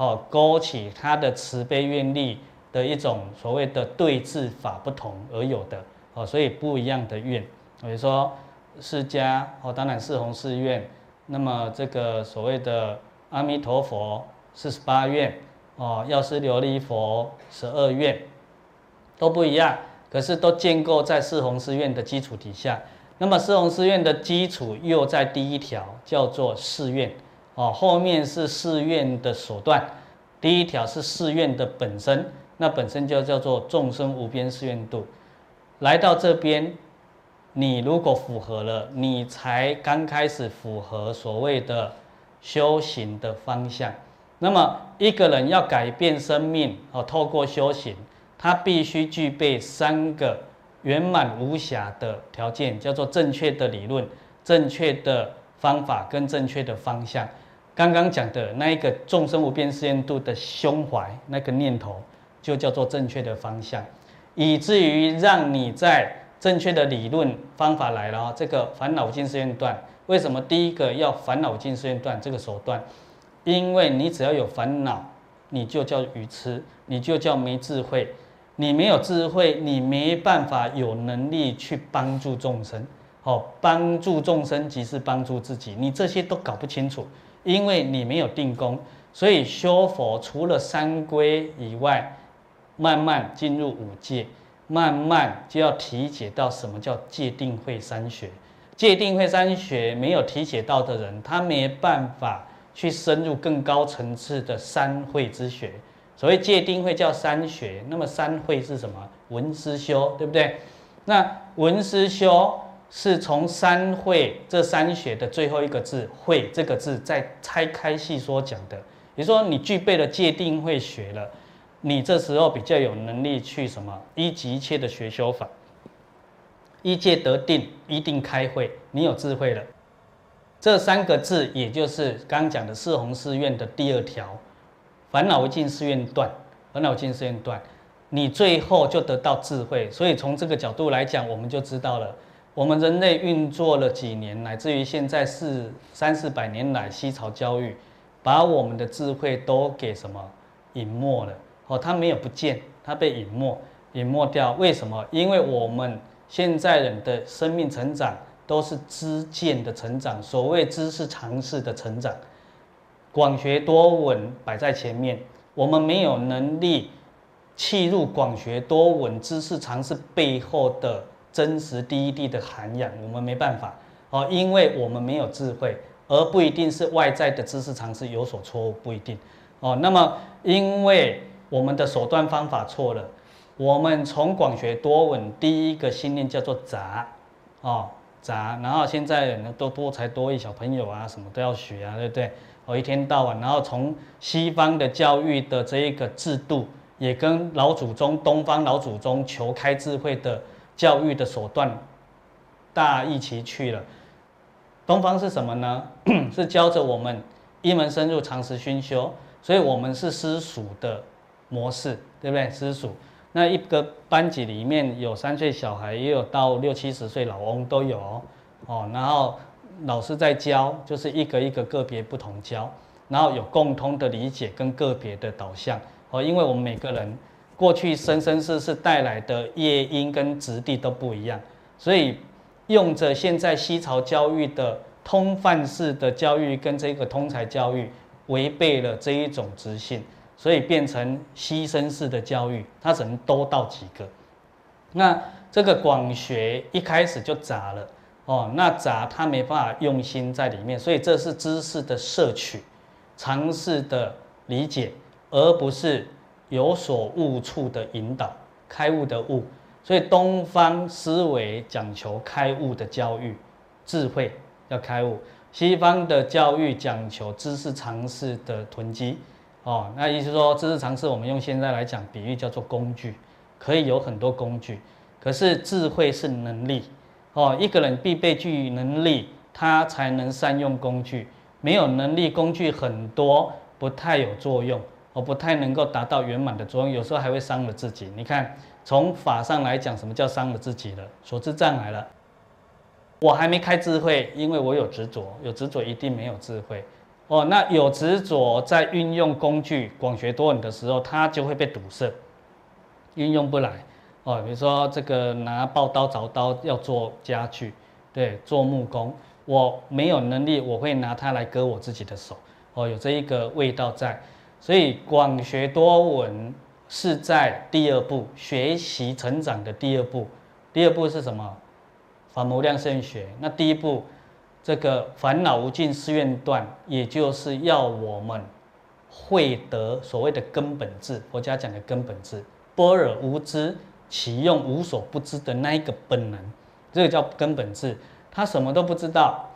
哦，勾起他的慈悲願力的一種所謂的對治法不同而有的哦，所以不一樣的願，比如說釋迦哦，當然四弘誓願，那麼這個所謂的阿彌陀佛四十八願哦，藥師琉璃佛十二願都不一樣，可是都建構在四弘誓願的基礎底下，那麼四弘誓願的基礎又在第一條叫做誓願，哦，後面是誓願的手段，第一條是誓願的本身，那本身就叫做眾生無邊誓願度。來到這邊，你如果符合了，你才剛開始符合所謂的修行的方向。那麼一個人要改變生命哦，透過修行，他必須具備三個圓滿無瑕的條件，叫做正確的理論、正確的方法跟正確的方向。剛剛講的那一個眾生無邊誓願度的胸懷，那個念頭就叫做正確的方向，以至於讓你在正確的理論方法來了啊。這個煩惱尽誓願斷，為什麼第一個要煩惱尽誓願斷？這個手段？因為你只要有煩惱，你就叫愚痴，你就叫沒智慧。你沒有智慧，你沒辦法有能力去幫助眾生。好，幫助眾生即是幫助自己，你這些都搞不清楚。因為你沒有定功，所以修佛除了三歸以外，慢慢進入五戒，慢慢就要體解到什麼叫戒定慧三學。戒定慧三學沒有體解到的人，他沒辦法去深入更高層次的三慧之學。所謂戒定慧叫三學，那麼三慧是什麼？聞思修，對不對？那聞思修。是從三慧這三學的最後一個字“慧”這個字再拆開細說講的。比如說，你具備了戒定慧學了，你這時候比較有能力去什麼一即一切的學修法，依戒得定，依定開慧，你有智慧了。這三個字也就是剛，剛講的四弘誓願的第二條“煩惱無盡誓願斷”，煩惱無盡誓願斷，你最後就得到智慧。所以從這個角度來講，我們就知道了。我們人類運作了幾年，乃至於現在是三四百年來西潮教育，把我們的智慧都給什麼隱沒了？哦，它沒有不見，它被隱沒、隱沒掉。為什麼？因為我們現在人的生命成長都是知見的成長，所謂知識常識的成長，廣學多聞擺在前面，我們沒有能力契入廣學多聞知識常識背後的真實第一地的涵養，我們沒辦法哦，因為我們沒有智慧，而不一定是外在的知識常識有所錯誤，不一定哦。那麼因為我們的手段方法錯了，我們從廣學多聞，第一個信念叫做雜哦雜，然後現在人呢都多才多藝小朋友啊，什麼都要學啊，對不對？哦，一天到晚，然後從西方的教育的這一個制度，也跟老祖宗東方老祖宗求開智慧的，教育的手段，大異其趣了。東方是什麼呢？是教着我們一門深入，長時熏修。所以，我們是私塾的模式，對不對？私塾那一個班級裡面有三歲小孩，也有到六七十歲老翁都有哦。哦，然後老師在教，就是一個一個個別不同教，然後有共通的理解跟個別的導向。哦，因為我們每個人。過去生生世世帶來的業因跟質地都不一樣，所以用着現在西朝教育的通範式的教育跟這個通才教育違背了這一種直性，所以變成犧牲式的教育，他只能多到幾個。那這個廣學一開始就雜了哦，那雜他沒辦法用心在裡面，所以這是知識的攝取，嘗試的理解，而不是。有所悟處的引導，開悟的悟，所以東方思維講求開悟的教育，智慧要開悟。西方的教育講求知識常識的囤積，哦，那意思說知識常識，我們用現在來講比喻叫做工具，可以有很多工具，可是智慧是能力，哦，一個人必備具能力，他才能善用工具，沒有能力，工具很多不太有作用，我不太能夠達到圓滿的作用，有時候還會傷了自己。你看，從法上來講，什麼叫傷了自己了？所知障礙了。我還沒開智慧，因為我有執着，有執着一定沒有智慧。哦，那有執着在運用工具、廣學多聞的時候，它就會被堵塞，運用不來。哦，比如說這個拿刨刀、鑿刀要做家具，對，做木工，我沒有能力，我會拿它來割我自己的手。哦，有這一個味道在。所以廣學多聞是在第二步學習成長的第二步。第二步是什麼？法門無量誓願學。那第一步，這個煩惱無盡，誓願斷，也就是要我們會得所謂的根本智，佛家講的根本智，般若無知，其用無所不知的那一個本能，這個叫根本智，他什麼都不知道，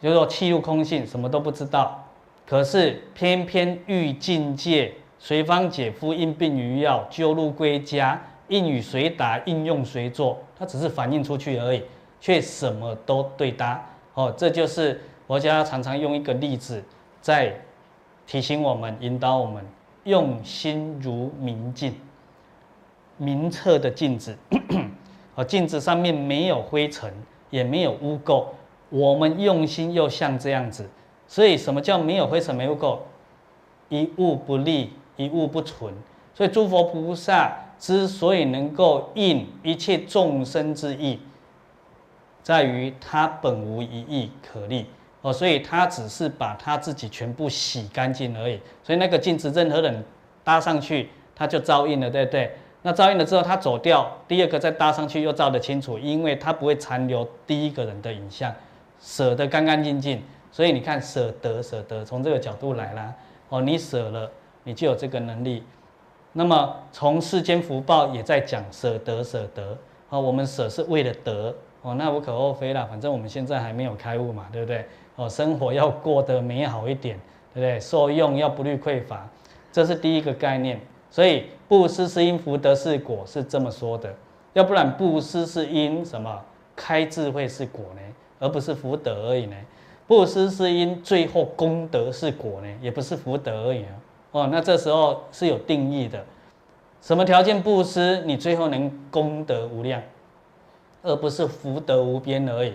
就是、說契入空性，什麼都不知道。可是偏偏遇境界，隨方解縛，應病與藥，就入歸家，應與誰答，應用誰做，他只是反映出去而已，却什麼都對答。哦，這就是佛家常常用一個例子，在提醒我們、引導我們，用心如明鏡，明澈的鏡子。哦，鏡子上面沒有灰塵，也沒有污垢，我們用心又像這樣子。所以，什麼叫沒有灰塵沒有垢，一物不立，一物不存？所以，諸佛菩薩之所以能夠應一切眾生之意，在於他本無一意可立哦，所以他只是把他自己全部洗乾淨而已。所以，那個鏡子任何人搭上去，他就照應了，對不對？那照應了之後，他走掉，第二個再搭上去又照得清楚，因為他不會殘留第一個人的影像，捨得乾乾淨淨。所以你看，捨得捨得，從這個角度來啦，哦。你捨了，你就有這個能力。那麼從世間福報也在講捨得捨得哦。我們捨是為了得哦，那無可厚非啦。反正我們現在還沒有開悟嘛，對不對？哦，生活要過得美好一點，對不對？受用要不慮匱乏，這是第一個概念。所以布施是因，福德是果，是這麼說的，要不然布施是因什麼開智慧是果呢，而不是福德而已呢？布施是因，最後功德是果呢，也不是福德而已，啊、哦，那這時候是有定義的，什麼條件布施，你最後能功德無量，而不是福德無邊而已。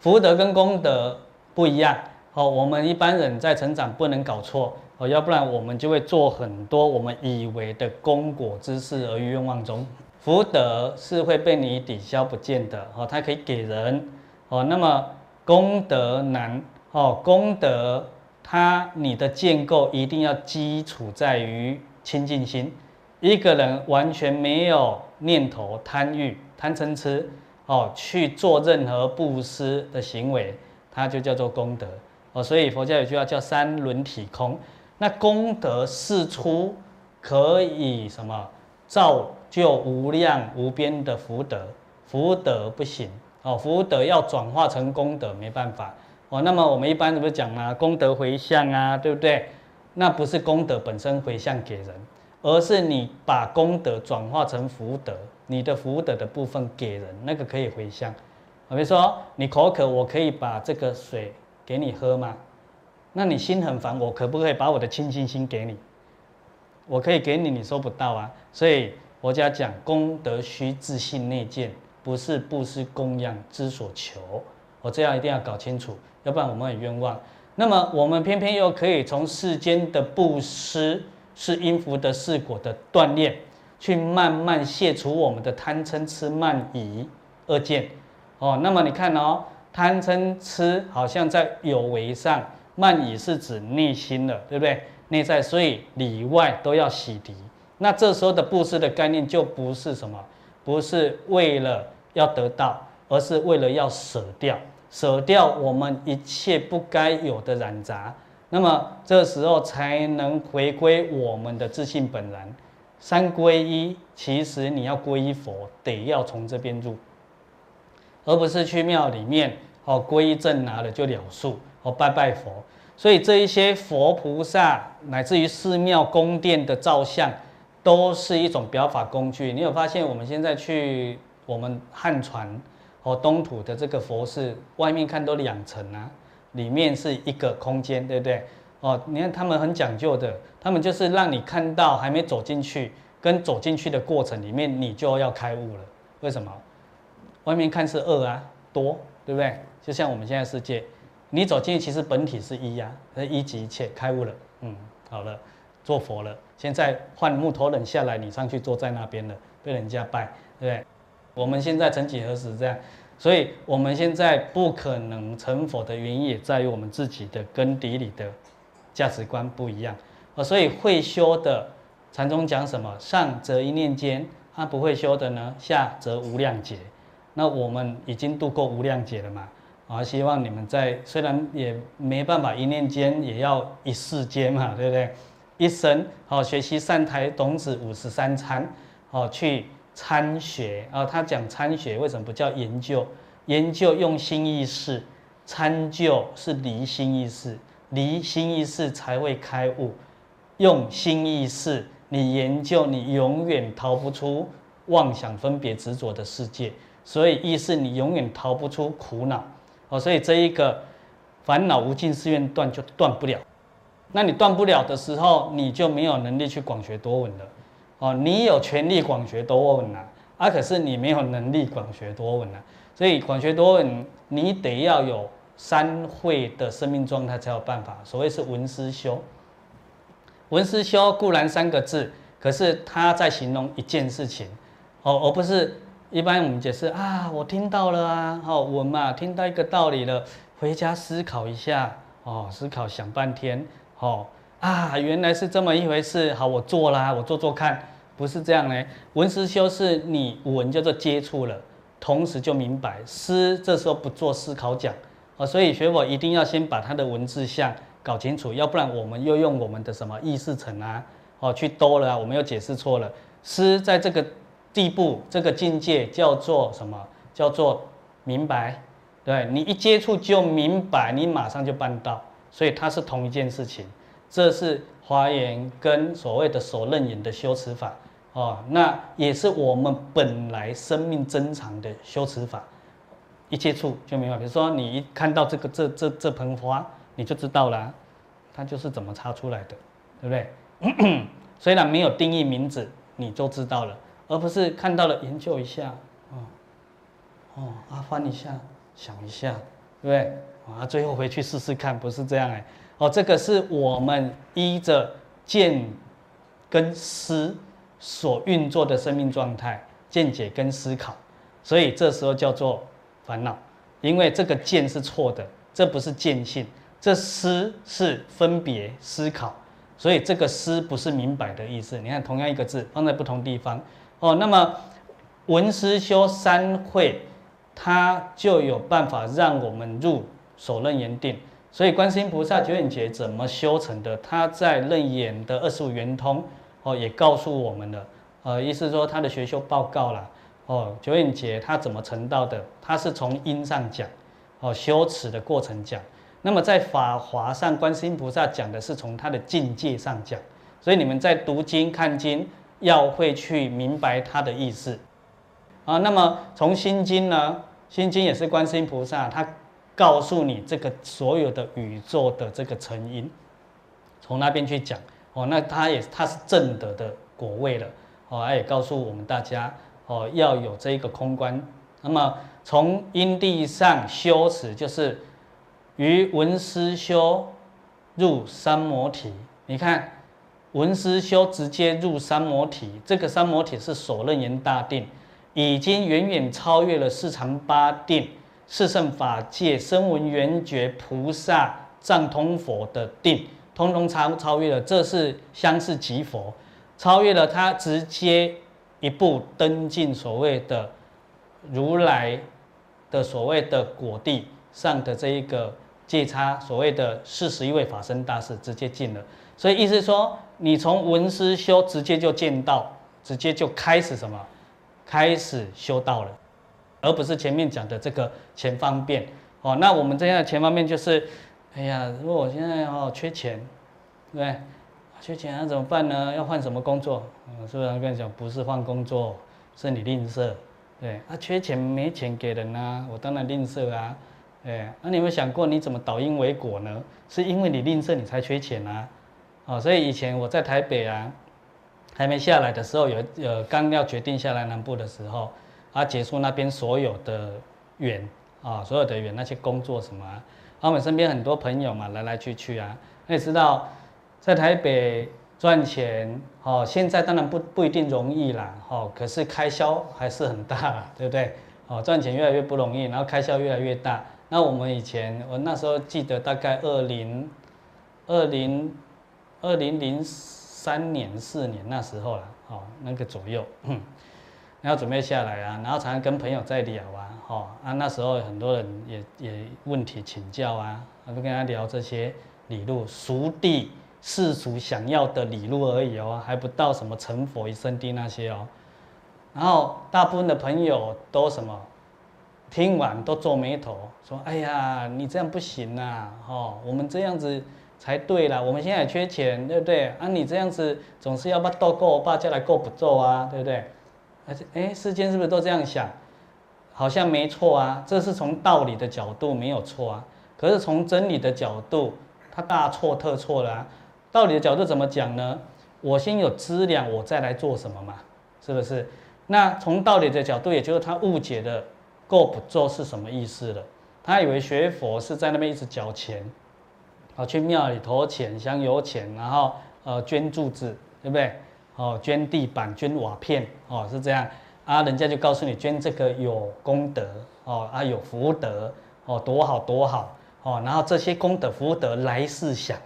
福德跟功德不一樣，哦、我們一般人在成長不能搞錯哦，要不然我們就會做很多我們以為的功果之事而冤枉中。福德是會被你抵消不見的哦，它可以給人哦，那麼功德難。哦，功德，它你的建構一定要基礎在於清淨心。一個人完全沒有念頭、貪欲、貪嗔痴，哦，去做任何布施的行為，它就叫做功德。哦，所以佛教有句話叫三輪體空。那功德事出可以什麼造就無量無邊的福德？福德不行，哦，福德要轉化成功德，沒辦法。哦，那麼我們一般怎麼講嘛？功德回向啊，對不對？那不是功德本身回向給人，而是你把功德轉化成福德，你的福德的部分給人，那個可以回向。我比如說，你口渴，我可以把這個水給你喝嗎？那你心很煩，我可不可以把我的清淨心給你？我可以給你，你收不到啊。所以佛家講，功德須自性內見，不是布施供養之所求。我這樣一定要搞清楚。要不然我們很冤枉。那麼我們偏偏又可以從世間的布施，是因福德是果的鍛鍊，去慢慢卸除我們的貪嗔癡慢疑二見。哦，那麼你看哦，貪嗔癡好像在有為上，慢疑是指內心了，對不對？內在，所以裡外都要洗滌。那這時候的布施的概念就不是什麼，不是為了要得到，而是為了要捨掉。捨掉我們一切不該有的染雜，那麼這時候才能回歸我們的自信本然。三皈依，其實你要皈依佛，得要從這邊入，而不是去廟裡面哦，皈依證，拿了就了事哦，拜拜佛。所以這一些佛菩薩乃至於寺廟宮殿的造像，都是一種表法工具。你有發現我們現在去我們漢傳？哦，東土的這個佛寺，外面看都兩層啊，裡面是一個空間，對不對？哦，你看他們很講究的，他們就是讓你看到還沒走進去，跟走進去的過程裡面，你就要開悟了。為什麼？外面看是二啊，多，對不對？就像我們現在世界，你走進去其實本體是一呀、啊，是一即一切，開悟了，嗯，好了，做佛了。現在換木頭人下來，你上去坐在那邊了，被人家拜，對不對？我們現在曾幾何時這樣？所以我們現在不可能成佛的原因，也在於我們自己的根底里的價值觀不一樣。啊，所以會修的禪宗講什麼？上則一念間、啊，他不會修的呢？下則無量劫。那我們已經度過無量劫了嘛？啊，希望你們在雖然也沒辦法一念間，也要一世間嘛，對不對？一生好學習善財童子五十三參好去。參學啊、哦，他講參學為什麼不叫研究？研究用心意識，參究是離心意識，離心意識才會開悟。用心意識，你研究，你永遠逃不出妄想分別執着的世界，所以意識你永遠逃不出苦惱。哦，所以這一個煩惱無盡誓願斷就斷不了。那你斷不了的時候，你就沒有能力去廣學多聞了。哦，你有權利廣學多聞吶、啊，啊，可是你沒有能力廣學多聞吶、啊，所以廣學多聞，你得要有三會的生命狀態才有辦法。所謂是聞思修，聞思修固然三個字，可是它在形容一件事情，哦，而不是一般我們解釋啊，我聽到了啊，好、哦，聞嘛、啊、聽到一個道理了，回家思考一下，哦，思考想半天，哦啊，原來是這麼一回事。好，我做啦，我做做看。不是這樣呢，聞思修是你聞叫做接觸了，同時就明白。思這時候不做思考講，所以學佛一定要先把他的文字相搞清楚，要不然我們又用我們的什麼意識層啊，哦，去兜了，啊，我們又解釋錯了。思在這個地步，這個境界叫做什麼？叫做明白。對你一接觸就明白，你馬上就辦到。所以它是同一件事情。這是華嚴跟所謂的首楞嚴的修辭法哦，那也是我們本來生命珍藏的修辭法。一接觸就明白，比如說你一看到這個這這這盆花，你就知道了，它就是怎麼插出來的，對不對？嗯、雖然沒有定義名字，你就知道了，而不是看到了研究一下，哦哦，阿、啊、翻一下，想一下，對不對、哦？啊，最後回去試試看，不是這樣哎、欸。哦，這個是我們依着見跟思所運作的生命狀態，見解跟思考，所以這時候叫做煩惱。因為這個見是錯的，這不是見性，這思是分別思考，所以這個思不是明白的意思。你看，同樣一個字放在不同地方，哦，那麼文思修三會，他就有辦法讓我們入首楞嚴定。所以，觀世音菩薩久遠劫怎麼修成的？他在《楞嚴》的二十五圓通，哦，也告訴我們了。呃，意思說他的學修報告啦。哦，久遠劫他怎麼成道的？他是從因上講，哦，修持的過程講。那麼在《法華》上，觀世音菩薩講的是從他的境界上講。所以你們在讀經、看經，要會去明白他的意思。啊，那麼從心經呢《心經》呢，《心經》也是觀世音菩薩他。告訴你這個所有的宇宙的這個成因，從那邊去講哦，那它也它是正德的果位了哦，也告訴我們大家哦，要有這一個空觀。那麼從因地上修持，就是於聞思修入三摩提，你看聞思修直接入三摩提，這個三摩提是首楞嚴大定，已經遠遠超越了四禪八定。四聖法界、聲聞、緣覺、菩薩、藏通佛的定，通通超超越了，這是相似即佛，超越了，他直接一步登進所謂的如來的所謂的果地上的這一個界差，所謂的四十一位法身大士直接進了，所以意思說，你從聞思修直接就見到，直接就開始什麼，開始修道了。而不是前面講的這個錢方便哦，那我們這樣的錢方面就是，哎呀，如果我現在哦缺錢，對，缺錢那怎麼辦呢？要換什麼工作？是不是跟你講，不是換工作，是你吝嗇，對，啊，缺錢沒錢給人啊，我當然吝嗇啊，對，那你有沒有想過你怎麼倒因為果呢？是因為你吝嗇，你才缺錢啊，哦，所以以前我在台北啊，還沒下來的時候，有有剛要決定下來南部的時候。他結束那邊所有的遠啊，所有的遠那些工作什麼、啊？我們身邊很多朋友嘛，來來去去啊，你也知道在台北賺錢哦。現在當然不不一定容易啦，哦，可是開銷還是很大，對不對？哦，賺錢越來越不容易，然後開銷越來越大。那我們以前，我那時候記得大概二零二零二零零三年、四年那時候了，哦，那個左右，然後準備下來啊，然後才能跟朋友再聊啊，吼、哦、啊！那時候很多人也也問題請教啊，都跟他聊這些理路，熟地世俗想要的理路而已哦，還不到什麼成佛一生地那些哦。然後大部分的朋友都什麼，聽完都皺眉頭，說：“哎呀，你這樣不行吶、啊，吼、哦，我們這樣子才對啦，我們現在也缺錢，對不對？啊，你這樣子總是要把豆夠，把家來夠不夠啊，對不對？”哎，世間是不是都這樣想？好像沒錯啊，這是從道理的角度沒有錯啊。可是從真理的角度，他大錯特錯啦，啊。道理的角度怎麼講呢？我先有資糧，我再來做什麼嘛？是不是？那從道理的角度，也就是他誤解的“夠不作”是什麼意思了？他以為學佛是在那邊一直交錢啊，去廟裡投錢、香油錢，然後呃捐助子，對不對？哦，捐地板、捐瓦片，哦，是這樣啊，人家就告訴你捐這個有功德哦，啊有福德哦，多好多好哦，然後這些功德福德來世享，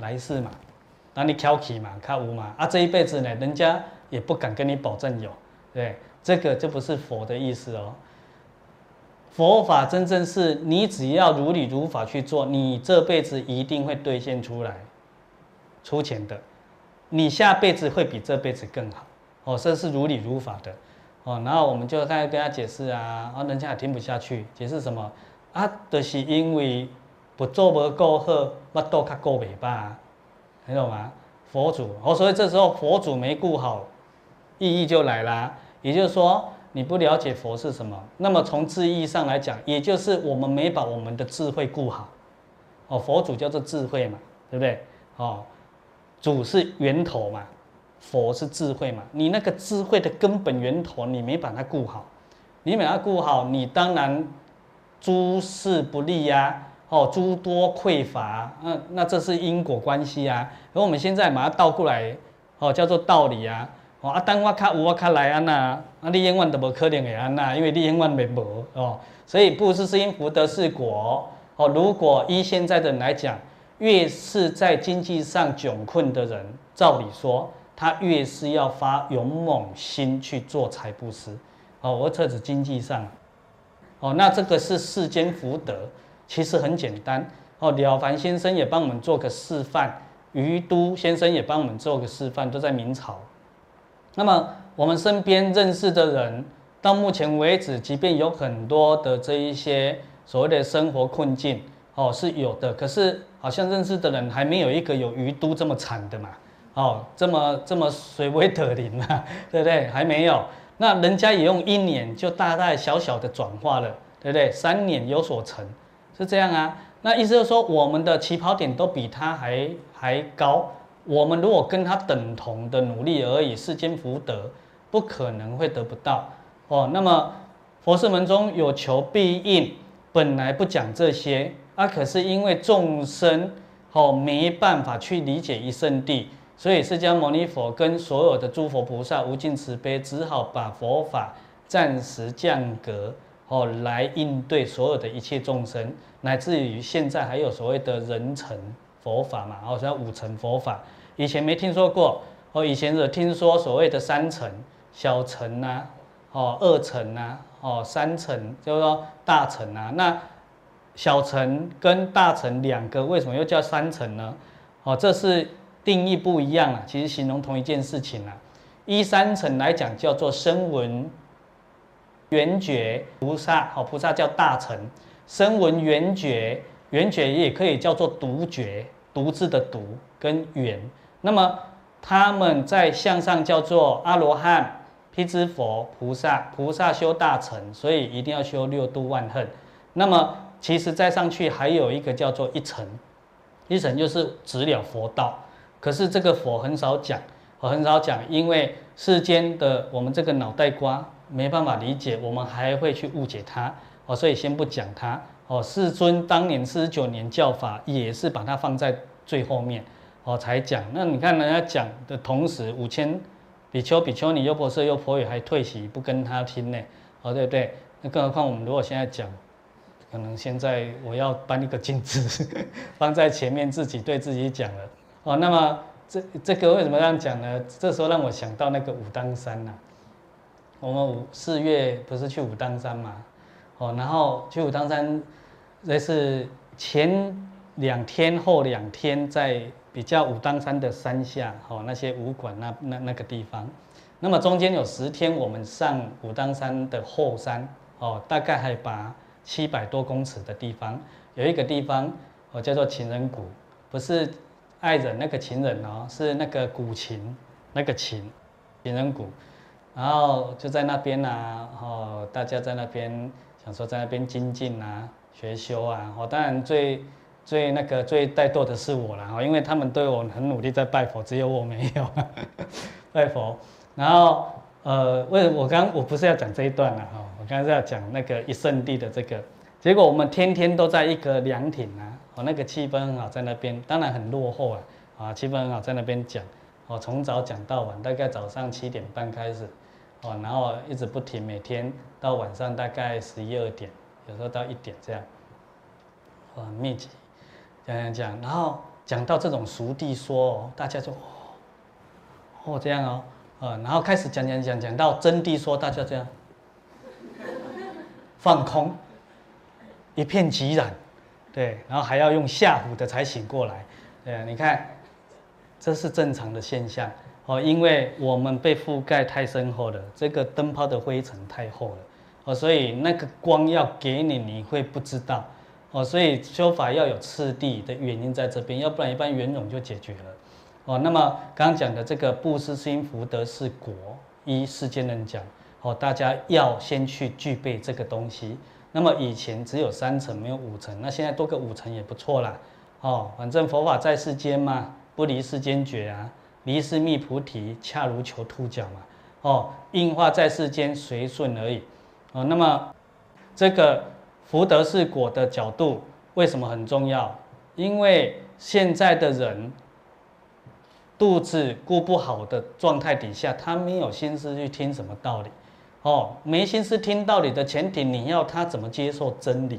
來世嘛，那你挑起嘛，看無嘛，啊這一輩子呢，人家也不敢跟你保證有，對，這個就不是佛的意思哦，佛法真正是你只要如理如法去做，你這輩子一定會兌現出來，出錢的。你下輩子會比這輩子更好，哦，甚至是如理如法的，哦，然後我們就再跟他解釋啊，哦，人家也聽不下去，解釋什麼？啊，就是因為不做不夠好，要多加告尾吧，你懂嗎？佛祖，哦，所以這時候佛祖沒顧好，意義就來了，也就是說你不了解佛是什麼，那麼從字意上來講，也就是我們沒把我們的智慧顧好，哦，佛祖叫做智慧嘛，對不對？哦。主是源頭嘛，佛是智慧嘛，你那個智慧的根本源頭，你沒把它顧好，你沒把它顧好，你當然諸事不利呀、啊，哦，諸多匱乏，啊那，那這是因果關係呀、啊。而我們現在把它倒過來，哦，叫做道理啊，哦，啊，當我卡我卡來安吶，啊，你永遠都無可能會安吶，因為你永遠沒無哦，所以布施是因，福德是果，哦，如果依現在的人來講。越是在經濟上窘困的人，照理說他越是要發勇猛心去做財布施。哦，我特指經濟上。哦，那這個是世間福德，其實很簡單。哦，了凡先生也幫我們做個示範，俞都先生也幫我們做個示範，都在明朝。那麼我們身邊認識的人，到目前為止，即便有很多的這一些所謂的生活困境，哦，是有的，可是。好像認識的人還沒有一個有餘都這麼慘的嘛，哦，這麼這麼隨會得靈嘛，對不對？還沒有，那人家也用一年就大大小小的轉化了，對不對？三年有所成，是這樣啊。那意思就是說，我們的起跑點都比他還還高，我們如果跟他等同的努力而已，世間福德不可能會得不到哦。那麼佛氏門中有求必應，本來不講這些。那、啊、可是因為眾生哦沒辦法去理解一聖地，所以釋迦牟尼佛跟所有的諸佛菩薩無盡慈悲，只好把佛法暫時降格哦來應對所有的一切眾生，乃至於現在還有所謂的人乘佛法嘛，哦像五乘佛法，以前沒聽說過哦，以前只聽說所謂的三乘，小乘啊，哦二乘啊，哦三乘，就是說大乘啊，那。小乘跟大乘兩個為什麼又叫三乘呢？哦，這是定義不一樣啊。其實形容同一件事情啊。依三乘來講叫做聲聞、緣覺、菩薩。好，菩薩叫大乘，聲聞、緣覺，緣覺也可以叫做獨覺，獨自的獨跟緣。那麼他們在相上叫做阿羅漢、辟支佛、菩薩。菩薩修大乘，所以一定要修六度萬行。那麼。其實再上去還有一個叫做一乘，一乘就是直了佛道，可是這個佛很少講，我很少講，因為世間的我們這個腦袋瓜沒辦法理解，我們還會去誤解它，哦，所以先不講它，哦，世尊當年四十九年教法也是把它放在最後面，哦才講。那你看人家講的同時，五千比丘比丘尼優婆塞優婆夷還退席不跟他聽呢，哦對不對？那更何況我們如果現在講。可能現在我要搬一個鏡子放在前面，自己對自己講了哦。那麼這這個為什麼這樣講呢？這時候讓我想到那個武當山吶、啊。我們五四月不是去武當山嘛？哦，然後去武當山，那是前兩天後兩天在比較武當山的山下，哦，那些武館那那那個地方。那麼中間有十天，我們上武當山的後山，哦，大概海拔。七百多公尺的地方，有一個地方，我，哦，叫做情人谷，不是愛人那個情人哦，是那個古琴，那個琴，情人谷。然後就在那邊啊，哦，大家在那邊想說在那邊精進啊，學修啊，哦，當然最最那個最怠惰的是我啦，哦，因為他們對我很努力在拜佛，只有我沒有呵呵拜佛。然後，呃，為我剛我不是要講這一段了，啊，哈。剛才在講那個一聖地的這個，結果我們天天都在一個涼亭啊，哦，那個氣氛很好，在那邊當然很落後啊，啊，氣氛很好在那邊講，哦，從早講到晚，大概早上七點半開始，哦，然後一直不停，每天到晚上大概十一二點，有時候到一點這樣，哦，密集講講講，然後講到這種熟地說，大家就哦，哦這樣哦，呃，然後開始講講講講到真地說，大家這樣。放空，一片寂然，對，然後還要用嚇唬的才醒過來，對，你看，這是正常的現象哦，因為我們被覆蓋太深厚了，這個燈泡的灰塵太厚了哦，所以那個光要給你，你會不知道哦，所以修法要有次第的原因在這邊，要不然一般圓融就解決了哦。那麼剛剛講的這個布施心福德是果，依世間人講。哦，大家要先去具備這個東西。那麼以前只有三層，沒有五層，那現在多個五層也不錯啦。哦，反正佛法在世間嘛，不離世間覺啊，離世覓菩提，恰如求兔角嘛。哦，應化在世間，隨順而已。哦，那麼這個福德是果的角度，為什麼很重要？因為現在的人肚子顧不好的狀態底下，他沒有心思去聽什麼道理。哦，沒心思聽道理的前提，你要他怎麼接受真理？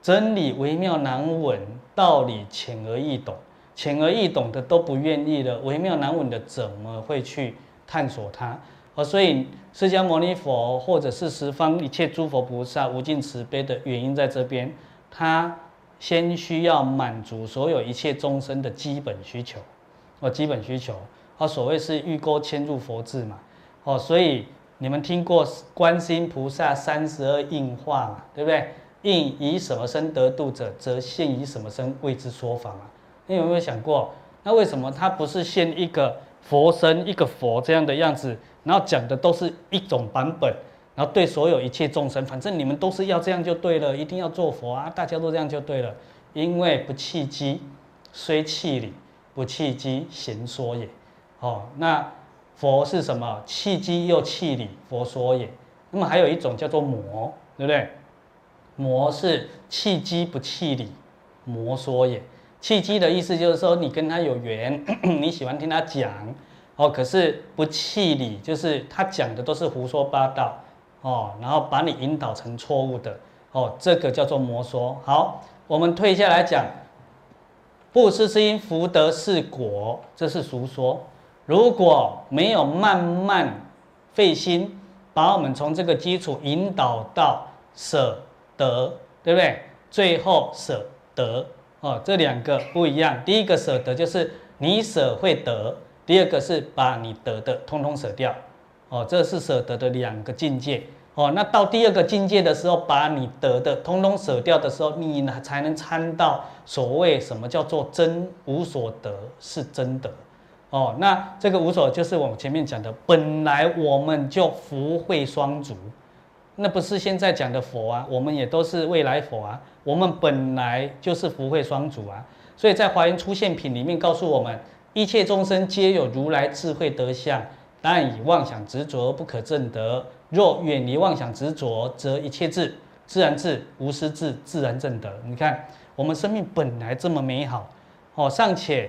真理微妙難聞，道理淺而易懂，淺而易懂的都不願意了，微妙難聞的怎麼會去探索它？哦，所以釋迦牟尼佛或者是十方一切諸佛菩薩無盡慈悲的原因在這邊，他先需要滿足所有一切眾生的基本需求。哦，基本需求，哦，所謂是欲鈎牽入佛智嘛。哦，所以。你們聽過觀世音菩薩三十二應化嘛？對不對？應以什麼身得度者，則現以什麼身為之說法嘛、啊？你有沒有想過，那為什麼他不是現一個佛身、一個佛這樣的樣子，然後講的都是一種版本，然後對所有一切眾生，反正你們都是要這樣就對了，一定要做佛啊，大家都這樣就對了，因為不契機，雖契理，不契機行說也，哦，那。佛是什麼？契機，又契理，佛說也。那麼還有一種叫做魔，對不對？魔是契機，不契理，魔說也。契機的意思就是說，你跟他有緣呵呵，你喜歡聽他講，哦，可是不契理，就是他講的都是胡說八道，哦，然後把你引導成錯誤的，哦，這個叫做魔說。好，我們退下來講，布施是因，福德是果，這是俗說。如果沒有慢慢費心，把我們從這個基礎引導到捨得，對不對？最後捨得哦，這兩個不一樣。第一個捨得就是你捨會得，第二個是把你得的通通捨掉。哦，這是捨得的兩個境界。哦，那到第二個境界的時候，把你得的通通捨掉的時候，你呢才能參到所謂什麼叫做真無所得是真得。哦，那這個無所就是我們前面講的，本來我們就福慧雙足，那不是現在講的佛啊，我們也都是未來佛啊，我們本來就是福慧雙足啊，所以在華嚴出現品裡面告訴我們，一切眾生皆有如來智慧德相，但以妄想執着不可證得。若遠離妄想執着，則一切智自然智、無私智自然證得。你看，我們生命本來這麼美好，哦，尚且。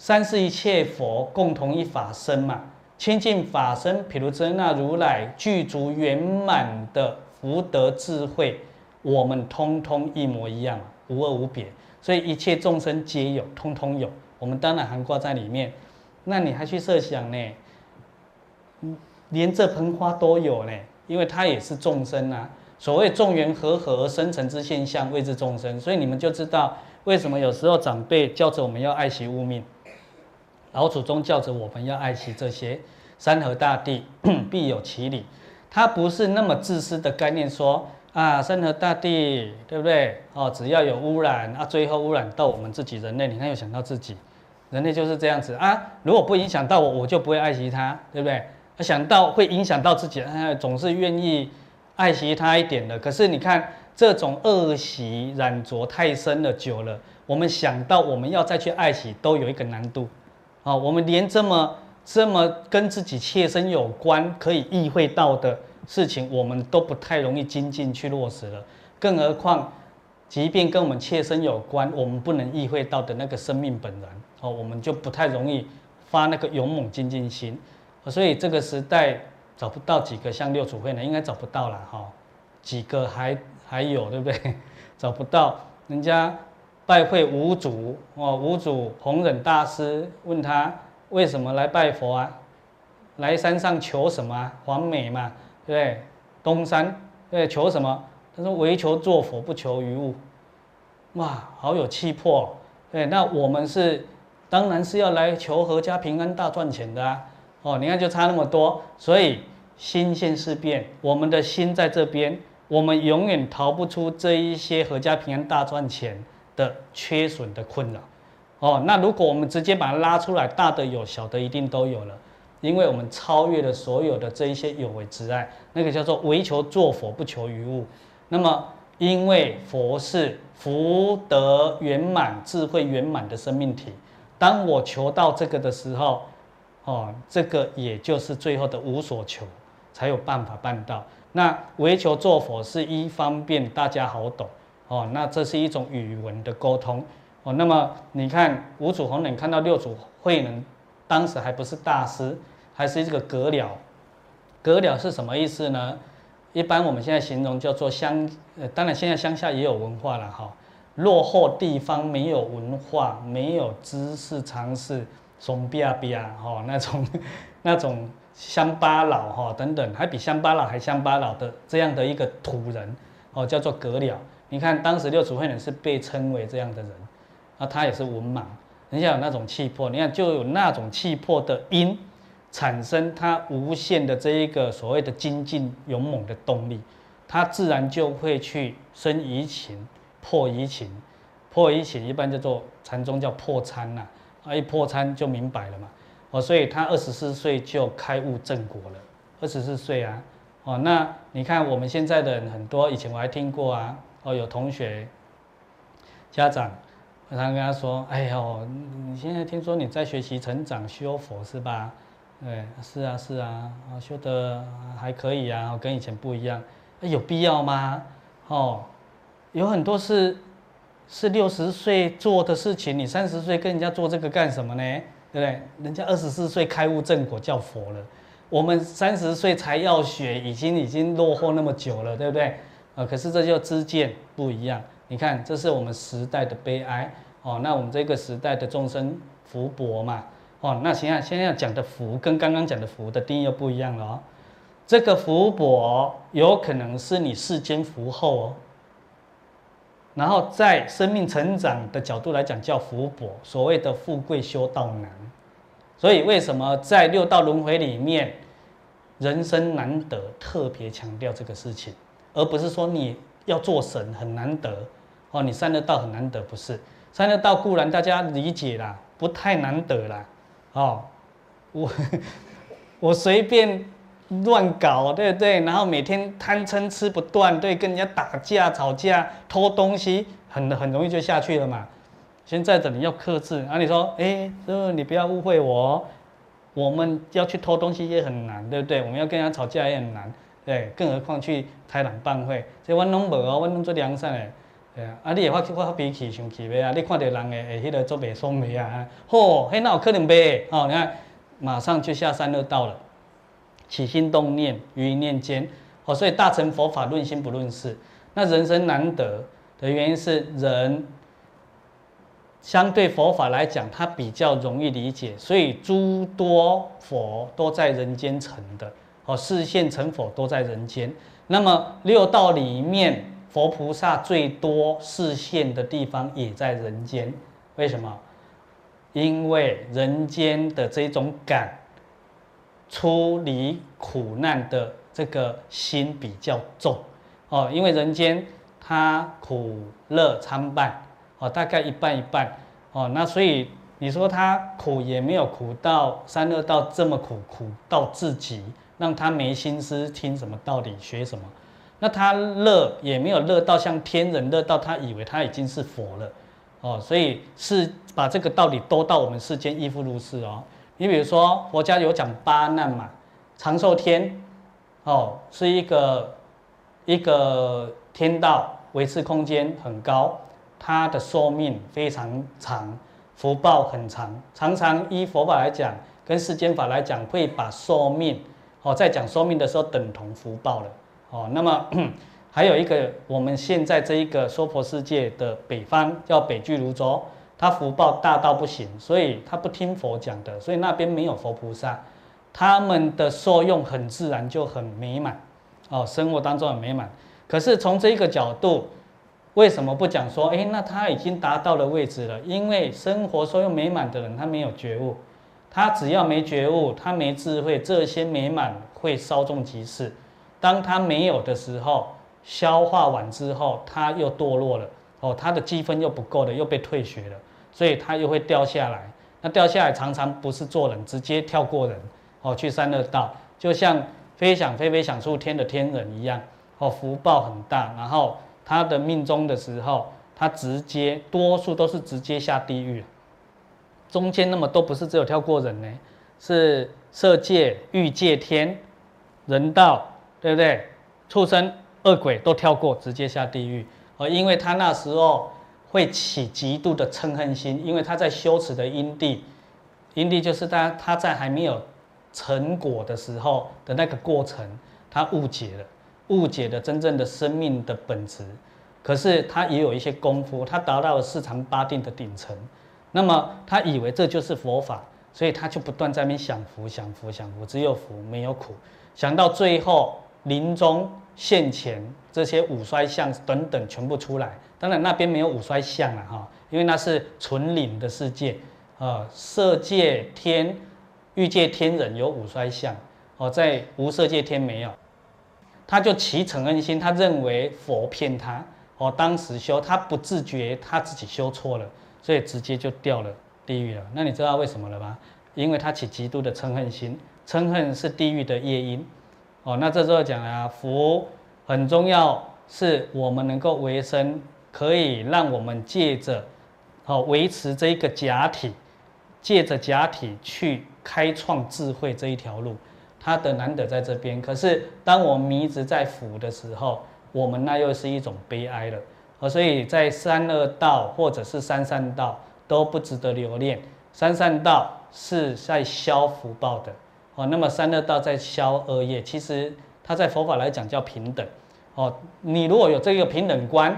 三世一切佛共同一法身嘛，清淨法身，譬如真那如來具足圓滿的福德智慧，我們通通一模一樣，無二無別，所以一切眾生皆有，通通有，我們當然含掛在裡面，那你還去設想呢？連這盆花都有呢，因為它也是眾生吶、啊。所謂眾緣和合而生成之現象，謂之眾生。所以你們就知道為什麼有時候長輩叫着我們要愛惜物命。老祖宗教着我們要愛惜這些山河大地，必有其理。它不是那麼自私的概念說，說啊，山河大地，對不對？哦，只要有污染啊，最後污染到我們自己人類。你看，又想到自己人類就是這樣子啊，如果不影響到我，我就不會愛惜它，對不對？想到會影響到自己，啊、總是願意愛惜它一點的。可是你看，這種惡習染着太深了，久了，我們想到我們要再去愛惜，都有一個難度。啊、哦，我們連這麼這麼跟自己切身有關可以意會到的事情，我們都不太容易精進去落實了。更何況，即便跟我們切身有關，我們不能意會到的那個生命本然，哦，我們就不太容易發那個勇猛精進心。所以這個時代找不到幾個像六祖慧能，應該找不到了哈、哦。幾個還還有對不對？找不到人家。拜會五祖，哦，五祖弘忍大師問他為什麼來拜佛啊？來山上求什麼？黃梅嘛，對不對？東山對，求什麼？他說唯求作佛，不求餘物。哇，好有氣魄、哦！對，那我們是當然是要來求闔家平安、大賺錢的啊！哦，你看就差那麼多，所以心性事變，我們的心在這邊，我們永遠逃不出這一些闔家平安、大賺錢。的缺損的困擾，哦，那如果我們直接把它拉出來，大的有，小的一定都有了，因為我們超越了所有的這一些有為之愛，那個叫做唯求作佛，不求餘物。那麼因為佛是福德圓滿、智慧圓滿的生命體，當我求到這個的時候，哦，這個也就是最後的無所求，才有辦法辦到。那唯求作佛是一方便，大家好懂。哦，那這是一種語文的溝通。哦，那麼你看五祖弘忍看到六祖慧能，當時還不是大師，還是一個獦獠。獦獠是什麼意思呢？一般我們現在形容叫做鄉，呃，當然現在鄉下也有文化了哈、哦。落後地方沒有文化，沒有知識常識，慫逼啊，哈、哦，那種那種鄉巴佬哈、哦、等等，還比鄉巴佬還鄉巴佬的這樣的一個土人，哦，叫做獦獠。你看，當時六祖慧能是被稱為這樣的人，啊，他也是文盲，人家有那種氣魄。你看，就有那種氣魄的因，產生他無限的這一個所謂的精進勇猛的動力，他自然就會去生疑情，破疑情，破疑情一般叫做禪宗叫破參吶，啊，一破參就明白了嘛。哦，所以他二十四歲就開悟正果了，二十四歲啊。哦，那你看我們現在的人很多，以前我還聽過啊。哦，有同學家長，我常跟他說：“哎呦，你現在聽說你在學習成長修佛是吧？對，是啊是啊，我修的還可以啊，跟以前不一樣。欸，有必要嗎？哦，有很多事是六十歲做的事情，你三十歲跟人家做這個幹什麼呢？對不對？人家二十四歲開悟正果叫佛了，我們三十歲才要學，已經已經落後那麼久了，對不對？”可是這叫知見不一樣。你看，這是我們時代的悲哀哦。那我們這個時代的眾生福薄嘛哦。那行啊，現在講的福跟剛剛講的福的定義又不一樣了哦。這個福薄有可能是你世間福厚哦，然後在生命成長的角度來講叫福薄。所謂的富貴修道難，所以為什麼在六道輪回裡面，人生難得，特別強調這個事情。而不是說你要做神很難得，哦，你三惡道很難得，不是三惡道固然大家理解啦，不太難得啦，哦，我我隨便亂搞，對不對？然後每天貪嗔痴不斷，對，跟人家打架、吵架、偷東西，很很容易就下去了嘛。現在的你要克制，啊，你說，哎，是你不要誤會我？我們要去偷東西也很難，對不對？我們要跟人家吵架也很難。對，更何況去台南辦會，即我攏無哦，我攏做良善的，對啊。你也發發脾氣、生氣的啊！你看到人的的迄個做不爽的啊，吼、嗯，很惱、哦、可憐唄、啊。哦，你看，馬上就下三惡道了，起心動念於一念間。哦，所以大乘佛法論心不論事。那人生難得的原因是人相對佛法來講，它比較容易理解，所以諸多佛都在人間成的。哦，示現成佛都在人間。那麼六道裡面，佛菩薩最多示現的地方也在人間。為什麼？因為人間的這種感出離苦難的這個心比較重。哦，因為人間它苦樂參半。哦，大概一半一半。哦，那所以你說他苦也沒有苦到三惡道這麼苦，苦到自己。讓他沒心思聽什麼道理、學什麼，那他樂也沒有樂到像天人樂到，他以為他已經是佛了，哦，所以是把這個道理都到我們世間亦復如是哦。你比如說，佛家有講八難嘛，長壽天，哦，是一個一個天道，維持空間很高，它的壽命非常長，福報很長，常常依佛法來講，跟世間法來講，會把壽命。哦，在講壽命的時候，等同福報了。哦，那麼還有一個，我們現在這一個娑婆世界的北方叫北俱盧洲，他福報大到不行，所以他不聽佛講的，所以那邊沒有佛菩薩，他們的受用很自然就很美滿。哦，生活當中很美滿。可是從這一個角度，為什麼不講說，誒、欸？那他已經達到了位置了？因為生活所有美滿的人，他沒有覺悟。他只要沒覺悟，他沒智慧，這些美滿會稍縱即逝。當他沒有的時候，消化完之後，他又墮落了。哦，他的積分又不夠了，又被退學了，所以他又會掉下來。那掉下來常常不是做人，直接跳過人，哦，去三惡道，就像非想非非想處天的天人一樣。哦，福報很大，然後他的命終的時候，他直接多數都是直接下地獄。中間那麼多不是只有跳過人呢，是色界、欲界、天、人道，對不對？畜生、惡鬼都跳過，直接下地獄。而因為他那時候會起極度的嗔恨心，因為他在修持的因地，因地就是他他在還沒有成果的時候的那個過程，他誤解了，誤解了真正的生命的本質。可是他也有一些功夫，他達到了四禪八定的頂層。那麼他以為這就是佛法，所以他就不斷在那邊享福、享福、享福，只有福沒有苦。想到最後臨終現前這些五衰相等等全部出來，當然那邊沒有五衰相了哈，因為那是純靈的世界。呃，色界天、欲界天人有五衰相，哦，在無色界天沒有。他就起瞋恨心，他認為佛騙他。哦，當時修他不自覺，他自己修錯了。所以直接就掉了地獄了。那你知道為什麼了嗎？因為他起極度的嗔恨心嗔恨是地獄的業因。哦，那這時候講啊，福很重要，是我們能夠維生，可以讓我們借着，好、哦、維持這一個假體，借着假體去開創智慧這一條路，它的難得在這邊。可是，當我們迷執在福的時候，我們那又是一種悲哀了。哦，所以在三惡道或者是三善道都不值得留戀。三善道是在消福報的，哦，那麼三惡道在消惡業。其實它在佛法來講叫平等，哦，你如果有這個平等觀，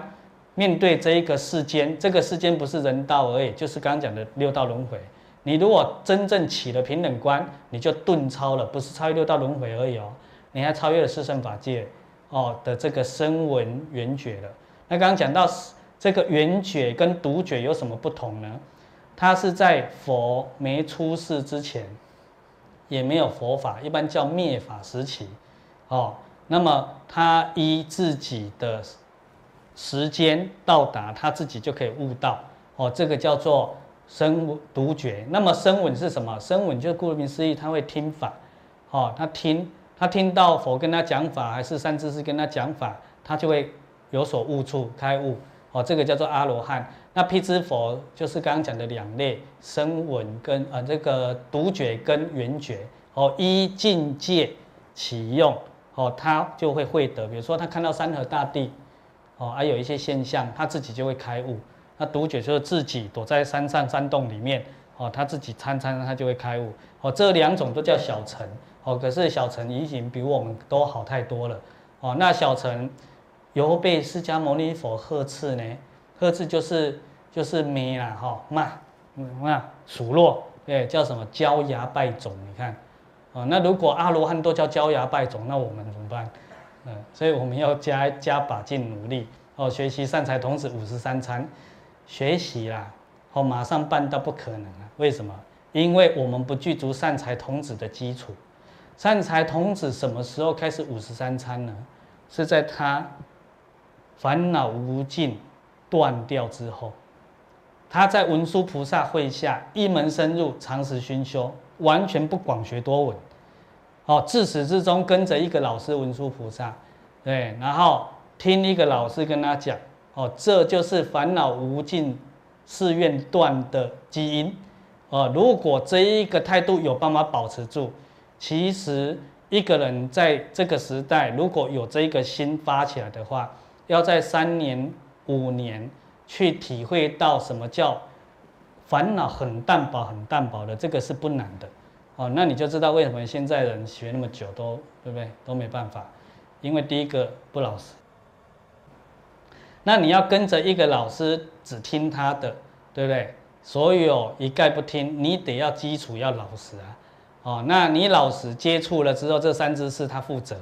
面對這一個世間，這個世間不是人道而已，就是剛剛講的六道輪迴。你如果真正起了平等觀，你就頓超了，不是超越六道輪迴而已哦，你還超越了四聖法界，哦的這個聲聞緣覺了。那剛剛講到這個緣覺跟獨覺有什麼不同呢？它是在佛沒出世之前，也沒有佛法，一般叫滅法時期，哦。那麼他依自己的時間到達，他自己就可以悟道。哦，這個叫做聲聞獨覺。那麼聲聞是什麼？聲聞就是顧名思義，他會聽法，哦，他聽，他聽到佛跟他講法，還是善知識跟他講法，他就會。有所悟處，開悟，哦，這個叫做阿羅漢。那辟支佛就是剛剛講的兩類聲聞跟呃這個獨覺跟緣覺，哦，依境界起用，哦，他就會會得。比如說他看到山河大地，哦，還有一些現象，他自己就會開悟。那獨覺就是自己躲在山上山洞裡面，哦，他自己參參，他就會開悟。哦，這兩種都叫小乘，哦，可是小乘已經比我們都好太多了，哦，那小乘。由被釋迦牟尼佛呵斥呢，呵斥就是就是罵啦哈罵，嗯數落，對叫什麼焦牙敗種？你看，那如果阿羅漢都叫焦牙敗種，那我們怎麼辦？嗯，所以我們要加加把勁努力哦，學習善財童子五十三參。學習啦哦馬上辦到不可能啊？為什麼？因為我們不具足善財童子的基礎，善財童子什麼時候開始五十三參呢？是在他。.煩惱無盡斷掉之後，他在文殊菩薩會下一門深入，長時熏修，完全不廣學多聞。哦，自始至終跟着一個老師文殊菩薩，對，然後聽一個老師跟他講，哦，這就是煩惱無盡誓願斷的基因。哦，如果這一個態度有辦法保持住，其實一個人在這個時代，如果有這一個心發起來的話，要在三年、五年去體會到什麼叫煩惱很淡薄、很淡薄的，這個是不難的。哦，那你就知道為什麼現在人學那麼久都，對不對？都沒辦法，因為第一個不老實。那你要跟着一個老師，只聽他的，對不對？所以一概不聽，你得要基礎要老實啊。哦，那你老實接觸了之後，這三支是他負責。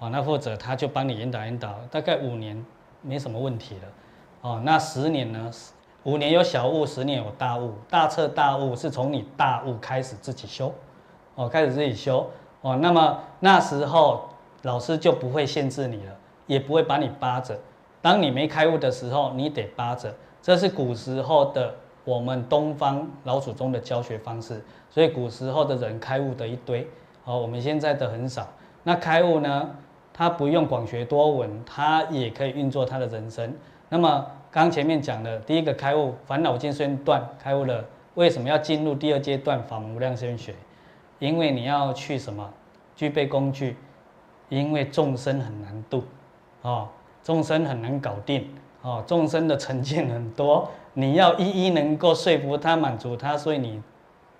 哦，那或者他就幫你引導引導，大概五年沒什麼問題了。哦，那十年呢？五年有小悟，十年有大悟。大徹大悟是從你大悟開始自己修，哦，開始自己修。哦，那麼那時候老師就不會限制你了，也不會把你扒着。當你沒開悟的時候，你得扒着。這是古時候的我們東方老祖宗的教學方式，所以古時候的人開悟的一堆。哦，我們現在的很少。那開悟呢？他不用廣學多聞，他也可以運作他的人生。那麼剛前面講的第一個開悟煩惱盡雖然斷，開悟了，為什麼要進入第二階段法無量先學？因為你要去什麼？具備工具，因為眾生很難度，哦，眾生很難搞定，哦，眾生的成見很多，你要一一能夠說服他、滿足他，所以你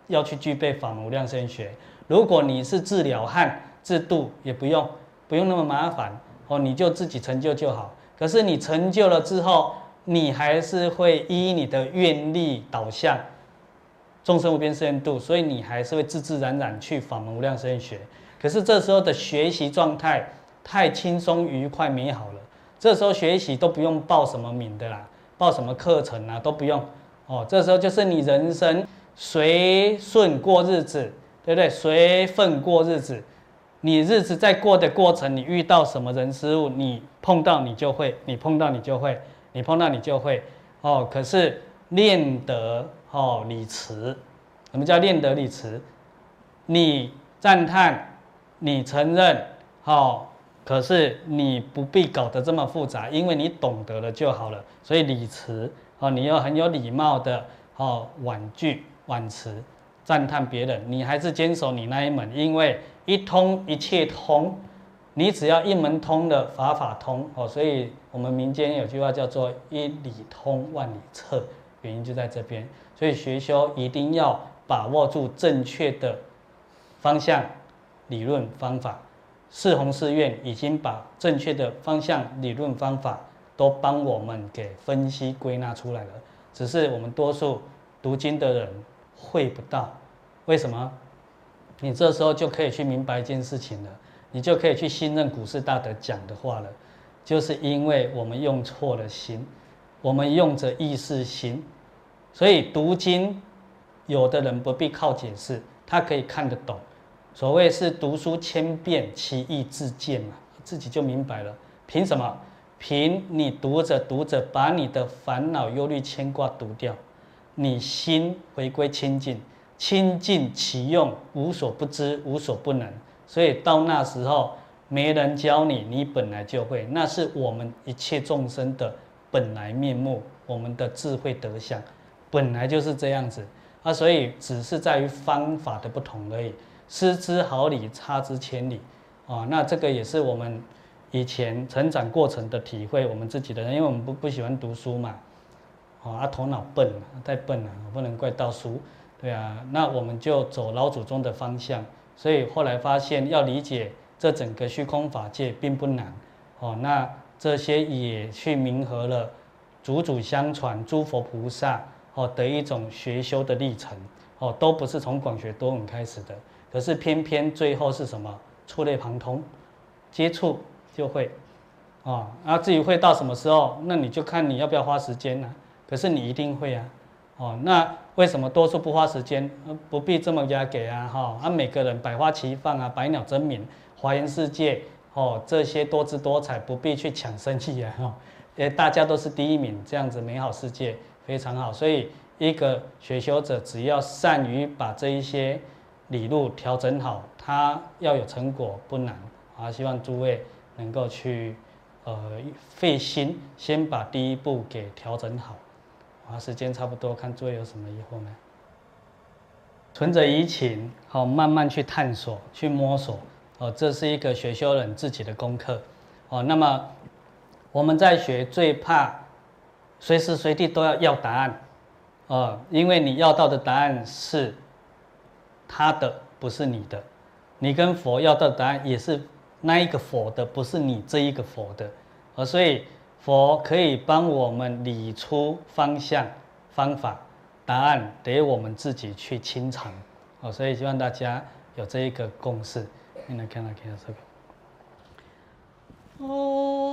要去具備法無量先學。如果你是自了漢，自度，也不用。不用那麼麻煩哦，你就自己成就就好。可是你成就了之後，你還是會依你的願力導向眾生無邊誓願度，所以你還是會自自然然去法門無量誓願學。可是這時候的學習狀態太輕鬆、愉快、美好了，這時候學習都不用報什麼名的啦，報什麼課程啊都不用。哦，這時候就是你人生隨順過日子，對不對？隨份過日子。你日子在過的過程，你遇到什麼人事物，你碰到你就會，你碰到你就會，你碰到你就會，哦。可是練得哦禮辭，什麼叫練得禮辭？你讚嘆，你承認，哦。可是你不必搞得這麼複雜，因為你懂得了就好了。所以禮辭哦，你要很有禮貌的哦婉拒婉辭。讚嘆別人，你還是堅守你那一門，因為一通一切通，你只要一門通了，法法通哦。所以我們民間有句話叫做“一理通萬理徹”，原因就在這邊。所以學修一定要把握住正確的方向、理論、方法。四弘誓願已經把正確的方向、理論、方法都幫我們給分析歸納出來了，只是我們多數讀經的人會不到。為什麼？你這時候就可以去明白一件事情了，你就可以去信任古聖大德講的話了。就是因為我們用錯了心，我們用着意識心，所以讀經，有的人不必靠解釋，他可以看得懂。所謂是讀書千遍，其義自見嘛，自己就明白了。憑什麼？憑你讀着讀着，把你的煩惱、憂慮、牽掛讀掉，你心回歸清淨。親盡其用，無所不知，無所不能。所以到那時候，沒人教你，你本來就會。那是我們一切眾生的本來面目，我們的智慧德相，本來就是這樣子。啊，所以只是在於方法的不同而已。失之毫釐，差之千里。啊、哦，那這個也是我們以前成長過程的體會。我們自己的人，因為我們不不喜歡讀書嘛，啊，頭腦笨，太笨了，不能怪到書。對啊，那我們就走老祖宗的方向，所以後來發現要理解這整個虛空法界並不難，哦，那這些也去迎合了祖祖相傳、諸佛菩薩哦的一種學修的歷程，哦，都不是從廣學多聞開始的，可是偏偏最後是什麼觸類旁通，接觸就會，啊、哦，那至於會到什麼時候，那你就看你要不要花時間了、啊，可是你一定會啊。哦，那為什麼多數不花時間，呃，不必這麼壓給啊，哈、哦，啊，每個人百花齊放啊，百鳥爭鳴，華嚴世界，哦，這些多姿多彩，不必去搶生意啊，哈、哦。誒、欸，大家都是第一名，這樣子美好世界非常好，所以一個學修者只要善於把這一些理路調整好，他要有成果不難，啊，希望諸位能夠去，呃，費心先把第一步給調整好。啊，時間差不多，看作業有什麼疑惑沒？存着疑情，好，慢慢去探索、去摸索，哦，這是一個學修人自己的功課，哦，那麼我們在學最怕隨時隨地都要要答案，啊，因為你要到的答案是他的，不是你的；你跟佛要到的答案也是那一個佛的，不是你這一個佛的，啊，所以。佛可以幫我們理出方向、方法、答案，得我們自己去清償。哦，所以希望大家有這一個共識。你們看到看這個？哦。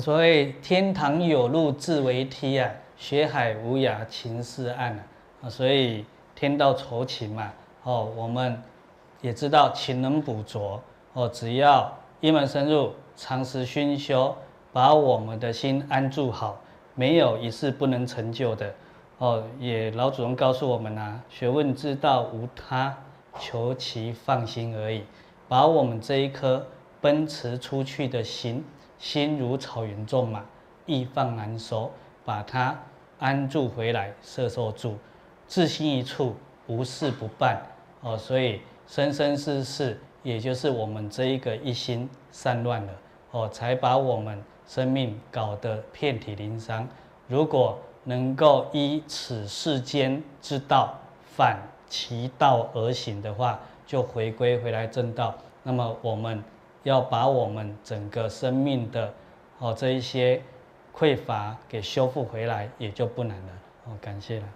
所謂“天堂有路自為梯啊，學海無涯勤是岸啊”，所以天道酬勤嘛。哦，我們也知道勤能補拙。哦，只要一門深入，長時熏修，把我們的心安住好，沒有一事不能成就的。哦，也老祖宗告訴我們啊，學問之道無他，求其放心而已。把我們這一顆奔馳出去的心。心如草原縱馬，易放難收，把它安住回來，攝受住，自心一處，無事不辦。哦，所以生生世世，也就是我們這一個一心散亂了，哦，才把我們生命搞得遍體鱗傷。如果能夠依此世間之道，反其道而行的話，就回歸回來正道。那麼我們。要把我們整個生命的哦這一些匱乏給修復回來，也就不難了。好，感謝了，